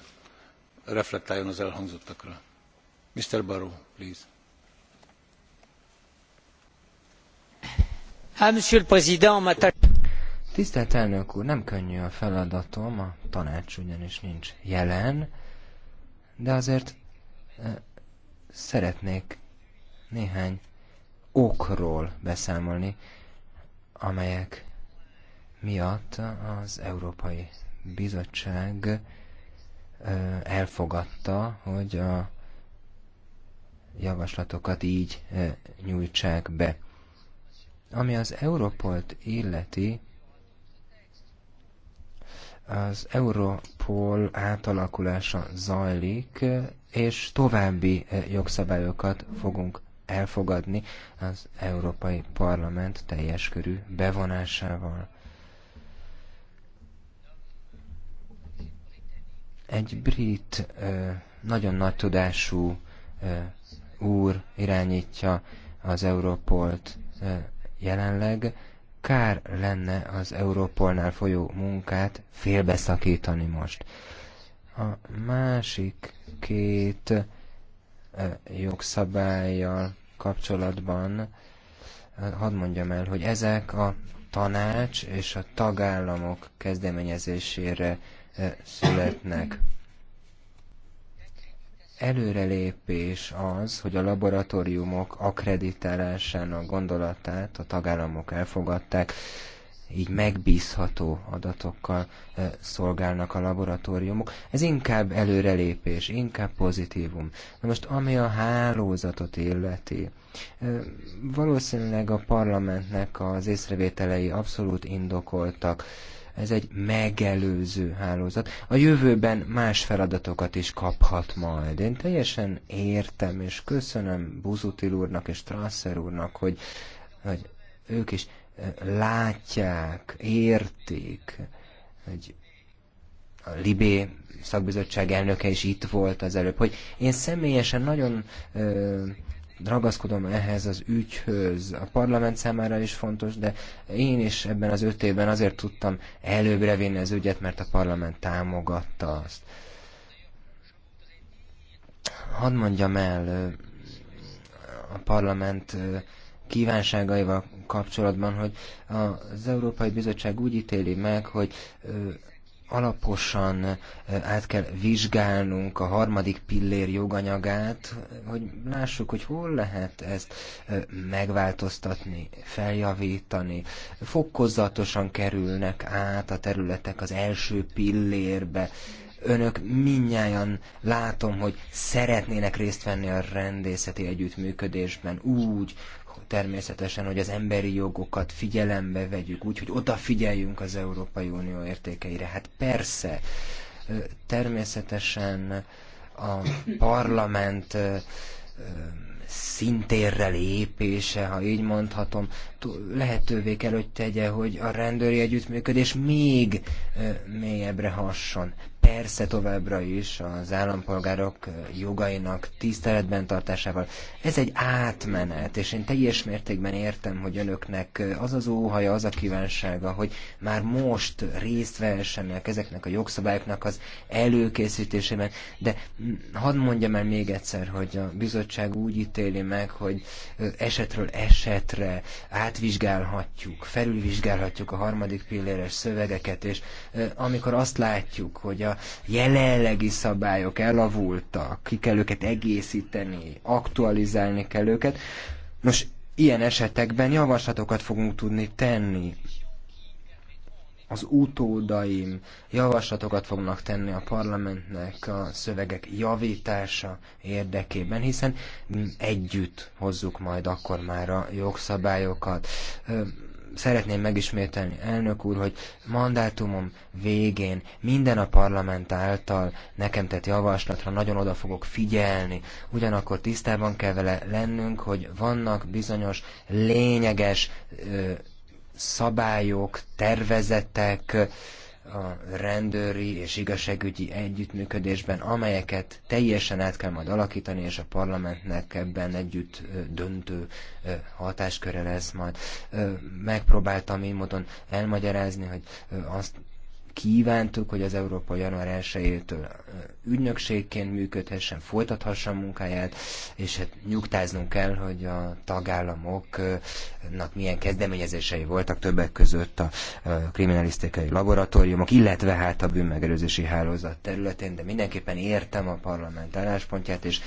Reflektáljon az elhangzottakra. Mr. Baró, please. Ah, monsieur le président, ma Tisztelt elnök úr, nem könnyű a feladatom, a tanács ugyanis nincs jelen, de azért szeretnék néhány okról beszámolni, amelyek miatt az Európai Bizottság elfogadta, hogy a javaslatokat így nyújtsák be. Ami az Európolt illeti, az Europol átalakulása zajlik, és további eh, jogszabályokat fogunk elfogadni az Európai Parlament teljes körű bevonásával. Egy brit eh, nagyon nagy tudású eh, úr irányítja az Europolt jelenleg, kár lenne az Európolnál folyó munkát félbeszakítani most. A másik két eh, jogszabályjal kapcsolatban eh, hadd mondjam el, hogy ezek a tanács és a tagállamok kezdeményezésére eh, születnek előrelépés az, hogy a laboratóriumok akkreditálásának gondolatát a tagállamok elfogadták így megbízható adatokkal eh, szolgálnak a laboratóriumok. Ez inkább előrelépés, inkább pozitívum. Na most ami a hálózatot illeti, eh, valószínűleg a parlamentnek az észrevételei abszolút indokoltak. Ez egy megelőző hálózat. A jövőben más feladatokat is kaphat majd. Én teljesen értem, és köszönöm Buzutil úrnak és Strasser úrnak, hogy, hogy ők is látják, értik, hogy a Libé szakbizottság elnöke is itt volt az előbb, hogy én személyesen nagyon ö, ragaszkodom ehhez az ügyhöz, a parlament számára is fontos, de én is ebben az öt évben azért tudtam előbbre vinni az ügyet, mert a parlament támogatta azt. Hadd mondjam el, a parlament kívánságaival kapcsolatban, hogy az Európai Bizottság úgy ítéli meg, hogy alaposan át kell vizsgálnunk a harmadik pillér joganyagát, hogy lássuk, hogy hol lehet ezt megváltoztatni, feljavítani. Fokozatosan kerülnek át a területek az első pillérbe. Önök minnyáján látom, hogy szeretnének részt venni a rendészeti együttműködésben úgy, természetesen, hogy az emberi jogokat figyelembe vegyük, úgy, hogy odafigyeljünk az Európai Unió értékeire. Hát persze, természetesen a parlament szintérre lépése, ha így mondhatom, lehetővé kell, hogy tegye, hogy a rendőri együttműködés még mélyebbre hasson. Persze továbbra is az állampolgárok jogainak tiszteletben tartásával. Ez egy átmenet, és én teljes mértékben értem, hogy önöknek az az óhaja, az a kívánsága, hogy már most részt vehessenek ezeknek a jogszabályoknak az előkészítésében. De hadd mondjam el még egyszer, hogy a bizottság úgy ítéli meg, hogy esetről esetre át átvizsgálhatjuk, felülvizsgálhatjuk a harmadik pilléres szövegeket, és amikor azt látjuk, hogy a jelenlegi szabályok elavultak, ki kell őket egészíteni, aktualizálni kell őket, nos, ilyen esetekben javaslatokat fogunk tudni tenni az utódaim javaslatokat fognak tenni a parlamentnek a szövegek javítása érdekében, hiszen együtt hozzuk majd akkor már a jogszabályokat. Szeretném megismételni, elnök úr, hogy mandátumom végén minden a parlament által nekem tett javaslatra nagyon oda fogok figyelni. Ugyanakkor tisztában kell vele lennünk, hogy vannak bizonyos lényeges szabályok, tervezetek a rendőri és igazságügyi együttműködésben, amelyeket teljesen át kell majd alakítani, és a parlamentnek ebben együtt döntő hatásköre lesz majd. Megpróbáltam így módon elmagyarázni, hogy azt kívántuk, hogy az Európa január 1-től ügynökségként működhessen, folytathassa a munkáját, és hát nyugtáznunk kell, hogy a tagállamoknak milyen kezdeményezései voltak többek között a kriminalisztikai laboratóriumok, illetve hát a bűnmegerőzési hálózat területén, de mindenképpen értem a parlament álláspontját, és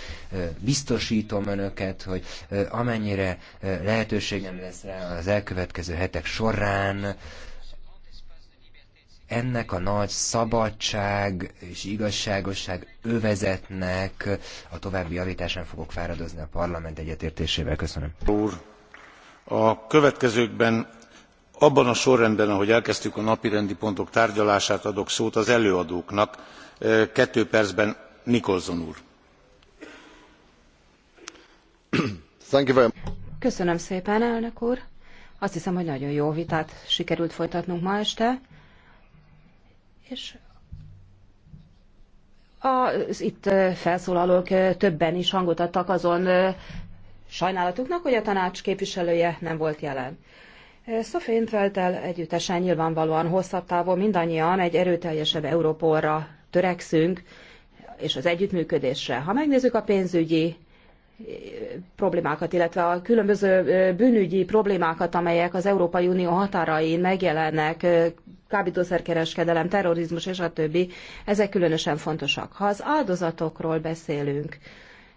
biztosítom önöket, hogy amennyire lehetőségem lesz rá az elkövetkező hetek során, ennek a nagy szabadság és igazságosság övezetnek a további javításán fogok fáradozni a parlament egyetértésével. Köszönöm. Úr, a következőkben abban a sorrendben, ahogy elkezdtük a napirendi pontok tárgyalását, adok szót az előadóknak. Kettő percben Nikolson úr. Köszönöm szépen, elnök úr. Azt hiszem, hogy nagyon jó vitát sikerült folytatnunk ma este és az itt felszólalók többen is hangot adtak azon sajnálatuknak, hogy a tanács képviselője nem volt jelen. Sophie Intveltel együttesen nyilvánvalóan hosszabb távon mindannyian egy erőteljesebb Európóra törekszünk, és az együttműködésre. Ha megnézzük a pénzügyi problémákat, illetve a különböző bűnügyi problémákat, amelyek az Európai Unió határain megjelennek, kábítószerkereskedelem, terrorizmus és a többi, ezek különösen fontosak. Ha az áldozatokról beszélünk,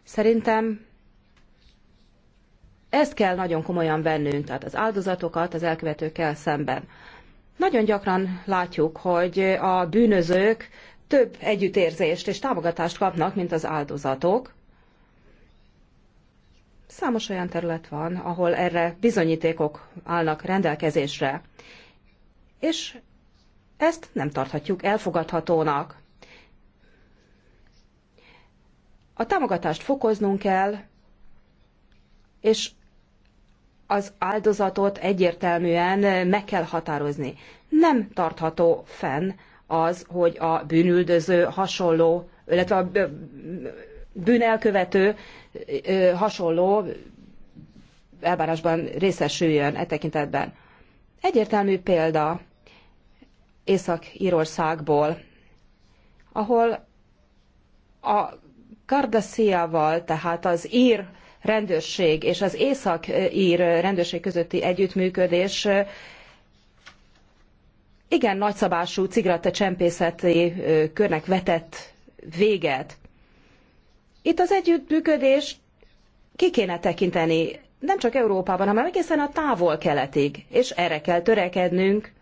szerintem ezt kell nagyon komolyan vennünk, tehát az áldozatokat az elkövetőkkel szemben. Nagyon gyakran látjuk, hogy a bűnözők több együttérzést és támogatást kapnak, mint az áldozatok. Számos olyan terület van, ahol erre bizonyítékok állnak rendelkezésre. És ezt nem tarthatjuk elfogadhatónak. A támogatást fokoznunk kell, és az áldozatot egyértelműen meg kell határozni. Nem tartható fenn az, hogy a bűnüldöző hasonló, illetve a bűnelkövető hasonló elbárásban részesüljön e tekintetben. Egyértelmű példa Észak-Írországból, ahol a Kardasziával, tehát az ír rendőrség és az észak-ír rendőrség közötti együttműködés igen nagyszabású cigaretta csempészeti körnek vetett véget. Itt az együttműködés ki kéne tekinteni nem csak Európában, hanem egészen a távol keletig, és erre kell törekednünk,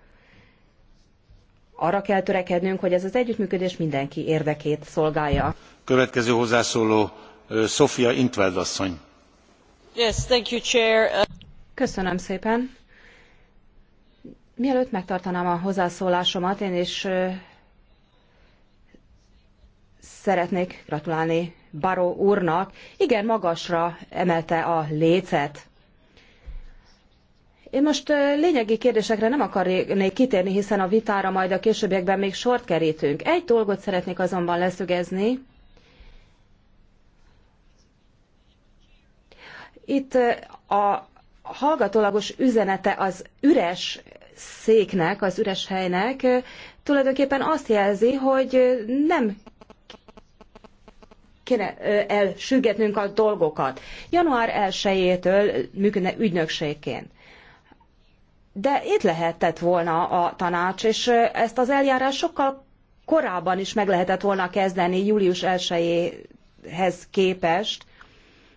arra kell törekednünk, hogy ez az együttműködés mindenki érdekét szolgálja. Következő hozzászóló Sofia Intveld asszony. Yes, thank you, Chair. Uh, Köszönöm szépen. Mielőtt megtartanám a hozzászólásomat, én is szeretnék gratulálni Baró úrnak. Igen, magasra emelte a lécet. Én most lényegi kérdésekre nem akarnék kitérni, hiszen a vitára majd a későbbiekben még sort kerítünk. Egy dolgot szeretnék azonban leszögezni. Itt a hallgatólagos üzenete az üres széknek, az üres helynek tulajdonképpen azt jelzi, hogy nem kéne elsüggetnünk a dolgokat. Január 1-től működne ügynökségként. De itt lehetett volna a tanács, és ezt az eljárás sokkal korábban is meg lehetett volna kezdeni július 1 képest,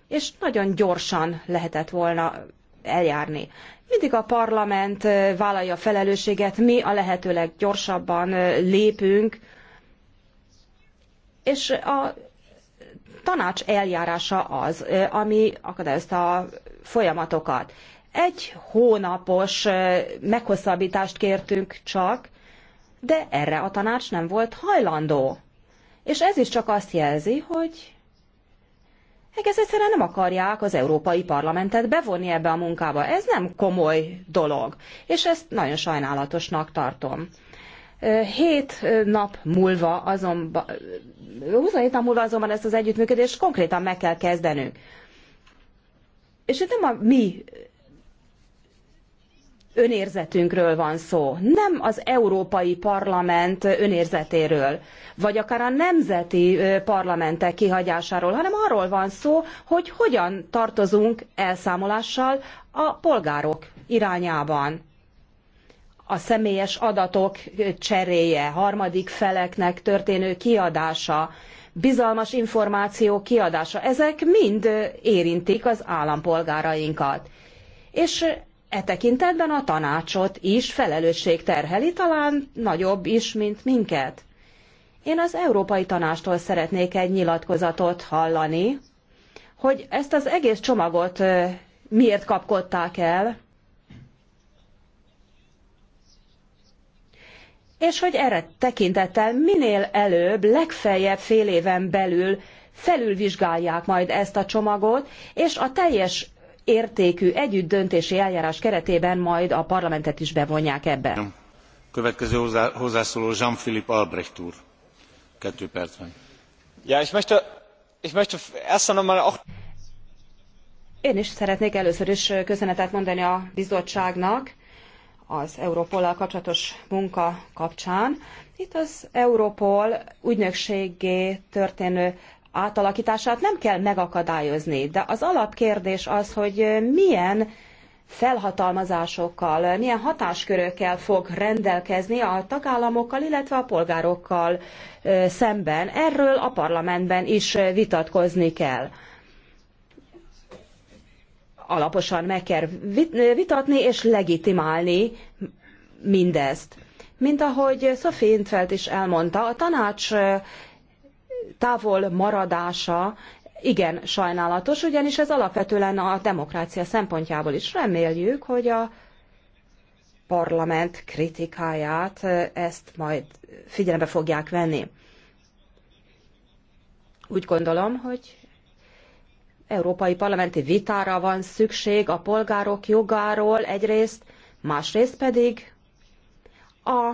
és nagyon gyorsan lehetett volna eljárni. Mindig a parlament vállalja a felelősséget, mi a lehető leggyorsabban lépünk, és a tanács eljárása az, ami akadályozta a folyamatokat. Egy hónapos meghosszabbítást kértünk csak, de erre a tanács nem volt hajlandó. És ez is csak azt jelzi, hogy egész egyszerűen nem akarják az Európai Parlamentet bevonni ebbe a munkába. Ez nem komoly dolog, és ezt nagyon sajnálatosnak tartom. Hét nap múlva azonban, 27 nap múlva azonban ezt az együttműködést konkrétan meg kell kezdenünk. És itt nem a mi önérzetünkről van szó, nem az Európai Parlament önérzetéről, vagy akár a nemzeti parlamentek kihagyásáról, hanem arról van szó, hogy hogyan tartozunk elszámolással a polgárok irányában. A személyes adatok cseréje, harmadik feleknek történő kiadása, bizalmas információ kiadása, ezek mind érintik az állampolgárainkat. És E tekintetben a tanácsot is felelősség terheli, talán nagyobb is, mint minket. Én az Európai Tanástól szeretnék egy nyilatkozatot hallani, hogy ezt az egész csomagot miért kapkodták el, és hogy erre tekintettel minél előbb, legfeljebb fél éven belül felülvizsgálják majd ezt a csomagot, és a teljes értékű együtt döntési eljárás keretében majd a parlamentet is bevonják ebbe. Következő hozzászóló Jean-Philippe Albrecht úr. Kettő percben. Ja, ich möchte, ich möchte erst einmal auch... Én is szeretnék először is köszönetet mondani a bizottságnak az Európollal kapcsolatos munka kapcsán. Itt az Európol ügynökségé történő átalakítását nem kell megakadályozni, de az alapkérdés az, hogy milyen felhatalmazásokkal, milyen hatáskörökkel fog rendelkezni a tagállamokkal, illetve a polgárokkal szemben. Erről a parlamentben is vitatkozni kell. Alaposan meg kell vitatni és legitimálni mindezt. Mint ahogy Sophie Intfeld is elmondta, a tanács távol maradása igen sajnálatos, ugyanis ez alapvető lenne a demokrácia szempontjából is. Reméljük, hogy a parlament kritikáját ezt majd figyelembe fogják venni. Úgy gondolom, hogy európai parlamenti vitára van szükség a polgárok jogáról egyrészt, másrészt pedig a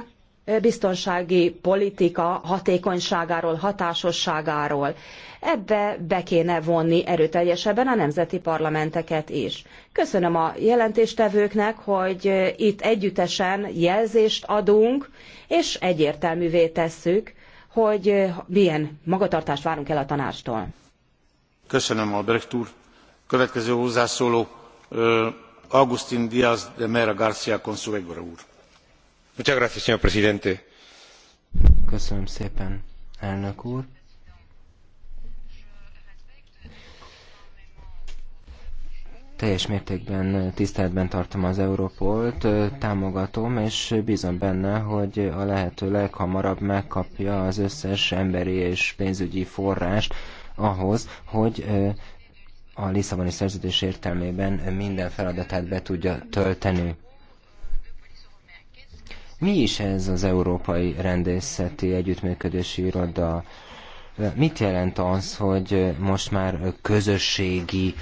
biztonsági politika hatékonyságáról, hatásosságáról. Ebbe be kéne vonni erőteljesebben a nemzeti parlamenteket is. Köszönöm a jelentéstevőknek, hogy itt együttesen jelzést adunk, és egyértelművé tesszük, hogy milyen magatartást várunk el a tanástól. Köszönöm, Albrecht úr. Következő hozzászóló Augustin Díaz de Mera García Consuegra úr señor presidente. Köszönöm szépen, teljes mértékben tiszteletben tartom az Európolt, támogatom, és bízom benne, hogy a lehető leghamarabb megkapja az összes emberi és pénzügyi forrást ahhoz, hogy a Lisszaboni szerződés értelmében minden feladatát be tudja tölteni. Mi is ez az Európai Rendészeti Együttműködési Iroda? Mit jelent az, hogy most már közösségi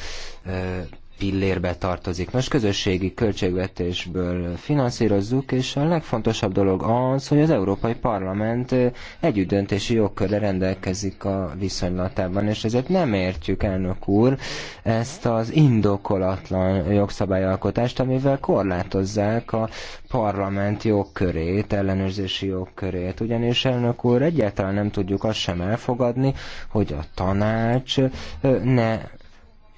pillérbe tartozik. Most közösségi költségvetésből finanszírozzuk, és a legfontosabb dolog az, hogy az Európai Parlament együttdöntési jogkörre rendelkezik a viszonylatában, és ezért nem értjük, elnök úr, ezt az indokolatlan jogszabályalkotást, amivel korlátozzák a parlament jogkörét, ellenőrzési jogkörét. Ugyanis, elnök úr, egyáltalán nem tudjuk azt sem elfogadni, hogy a tanács ne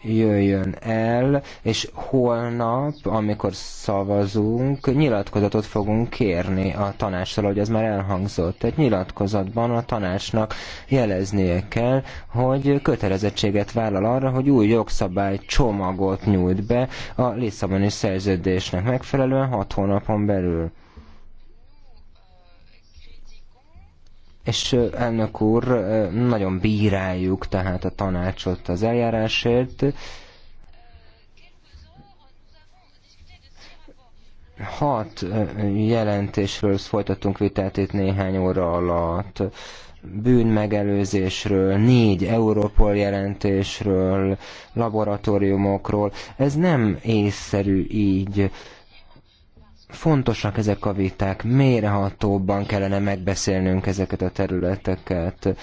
jöjjön el, és holnap, amikor szavazunk, nyilatkozatot fogunk kérni a tanácsról, hogy ez már elhangzott. Egy nyilatkozatban a tanácsnak jeleznie kell, hogy kötelezettséget vállal arra, hogy új jogszabály csomagot nyújt be a Lisszaboni szerződésnek megfelelően hat hónapon belül. És elnök úr, nagyon bíráljuk tehát a tanácsot az eljárásért. Hat jelentésről folytattunk vitát itt néhány óra alatt megelőzésről, négy Európol jelentésről, laboratóriumokról. Ez nem észszerű így fontosak ezek a viták, mérehatóbban kellene megbeszélnünk ezeket a területeket.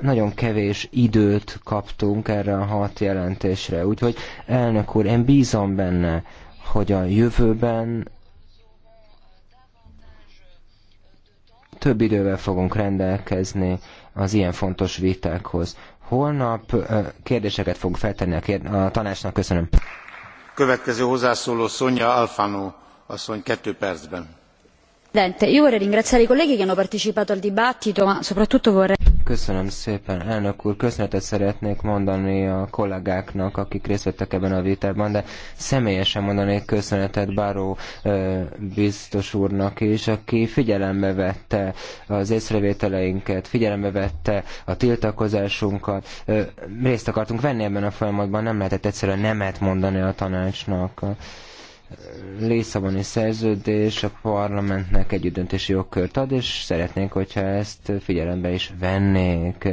Nagyon kevés időt kaptunk erre a hat jelentésre, úgyhogy elnök úr, én bízom benne, hogy a jövőben több idővel fogunk rendelkezni az ilyen fontos vitákhoz. Holnap kérdéseket fog feltenni a, a tanácsnak. Köszönöm. Következő hozzászóló Sonja Alfano asszony kettő percben. Köszönöm szépen, elnök úr. Köszönetet szeretnék mondani a kollégáknak, akik részt vettek ebben a vitában, de személyesen mondanék köszönetet barrot biztos úrnak is, aki figyelembe vette az észrevételeinket, figyelembe vette a tiltakozásunkat. Részt akartunk venni ebben a folyamatban, nem lehetett egyszerűen nemet mondani a tanácsnak. Lisszaboni szerződés a parlamentnek egy döntési jogkört ad, és szeretnénk, hogyha ezt figyelembe is vennék.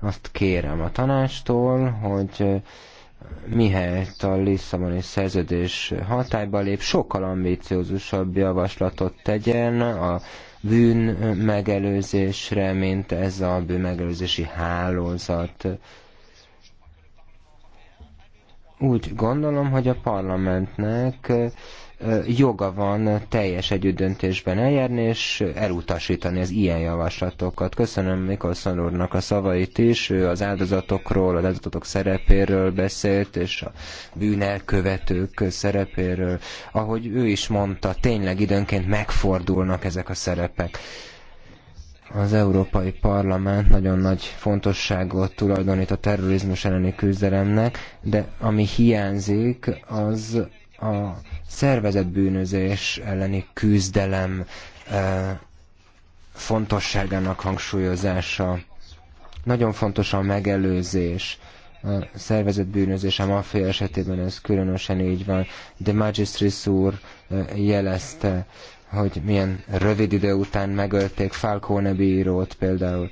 Azt kérem a tanástól, hogy mihelyt a Lisszaboni szerződés hatályba lép, sokkal ambiciózusabb javaslatot tegyen a bűn megelőzésre, mint ez a bűn megelőzési hálózat úgy gondolom, hogy a parlamentnek joga van teljes együttdöntésben eljárni, és elutasítani az ilyen javaslatokat. Köszönöm Mikolszon úrnak a szavait is, ő az áldozatokról, az áldozatok szerepéről beszélt, és a bűnelkövetők szerepéről. Ahogy ő is mondta, tényleg időnként megfordulnak ezek a szerepek az Európai Parlament nagyon nagy fontosságot tulajdonít a terrorizmus elleni küzdelemnek, de ami hiányzik, az a szervezetbűnözés elleni küzdelem eh, fontosságának hangsúlyozása. Nagyon fontos a megelőzés. A szervezetbűnözés a maffia esetében ez különösen így van. De Magistris úr eh, jelezte, hogy milyen rövid idő után megölték Falcone bírót például.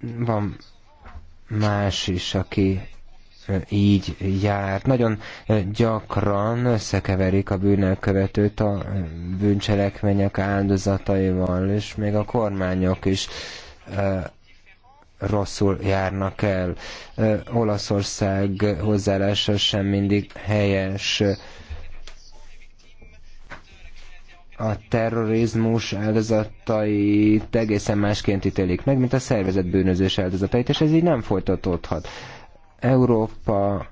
Van más is, aki így jár. Nagyon gyakran összekeverik a bűnelkövetőt a bűncselekmények áldozataival, és még a kormányok is rosszul járnak el. Olaszország hozzáállása sem mindig helyes a terrorizmus áldozatait egészen másként ítélik meg, mint a szervezet bűnözés áldozatait, és ez így nem folytatódhat. Európa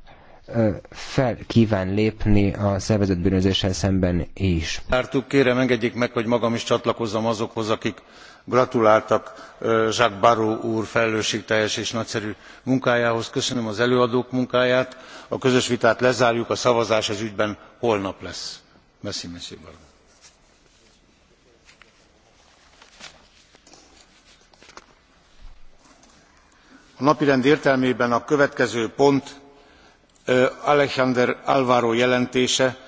fel kíván lépni a szervezet bűnözéssel szemben is. Ártuk, kérem engedjék meg, hogy magam is csatlakozzam azokhoz, akik gratuláltak Jacques Barrot úr felelősségteljes és nagyszerű munkájához. Köszönöm az előadók munkáját. A közös vitát lezárjuk, a szavazás az ügyben holnap lesz. Messi, Messi barát. napirend értelmében a következő pont alejandro alvaro jelentése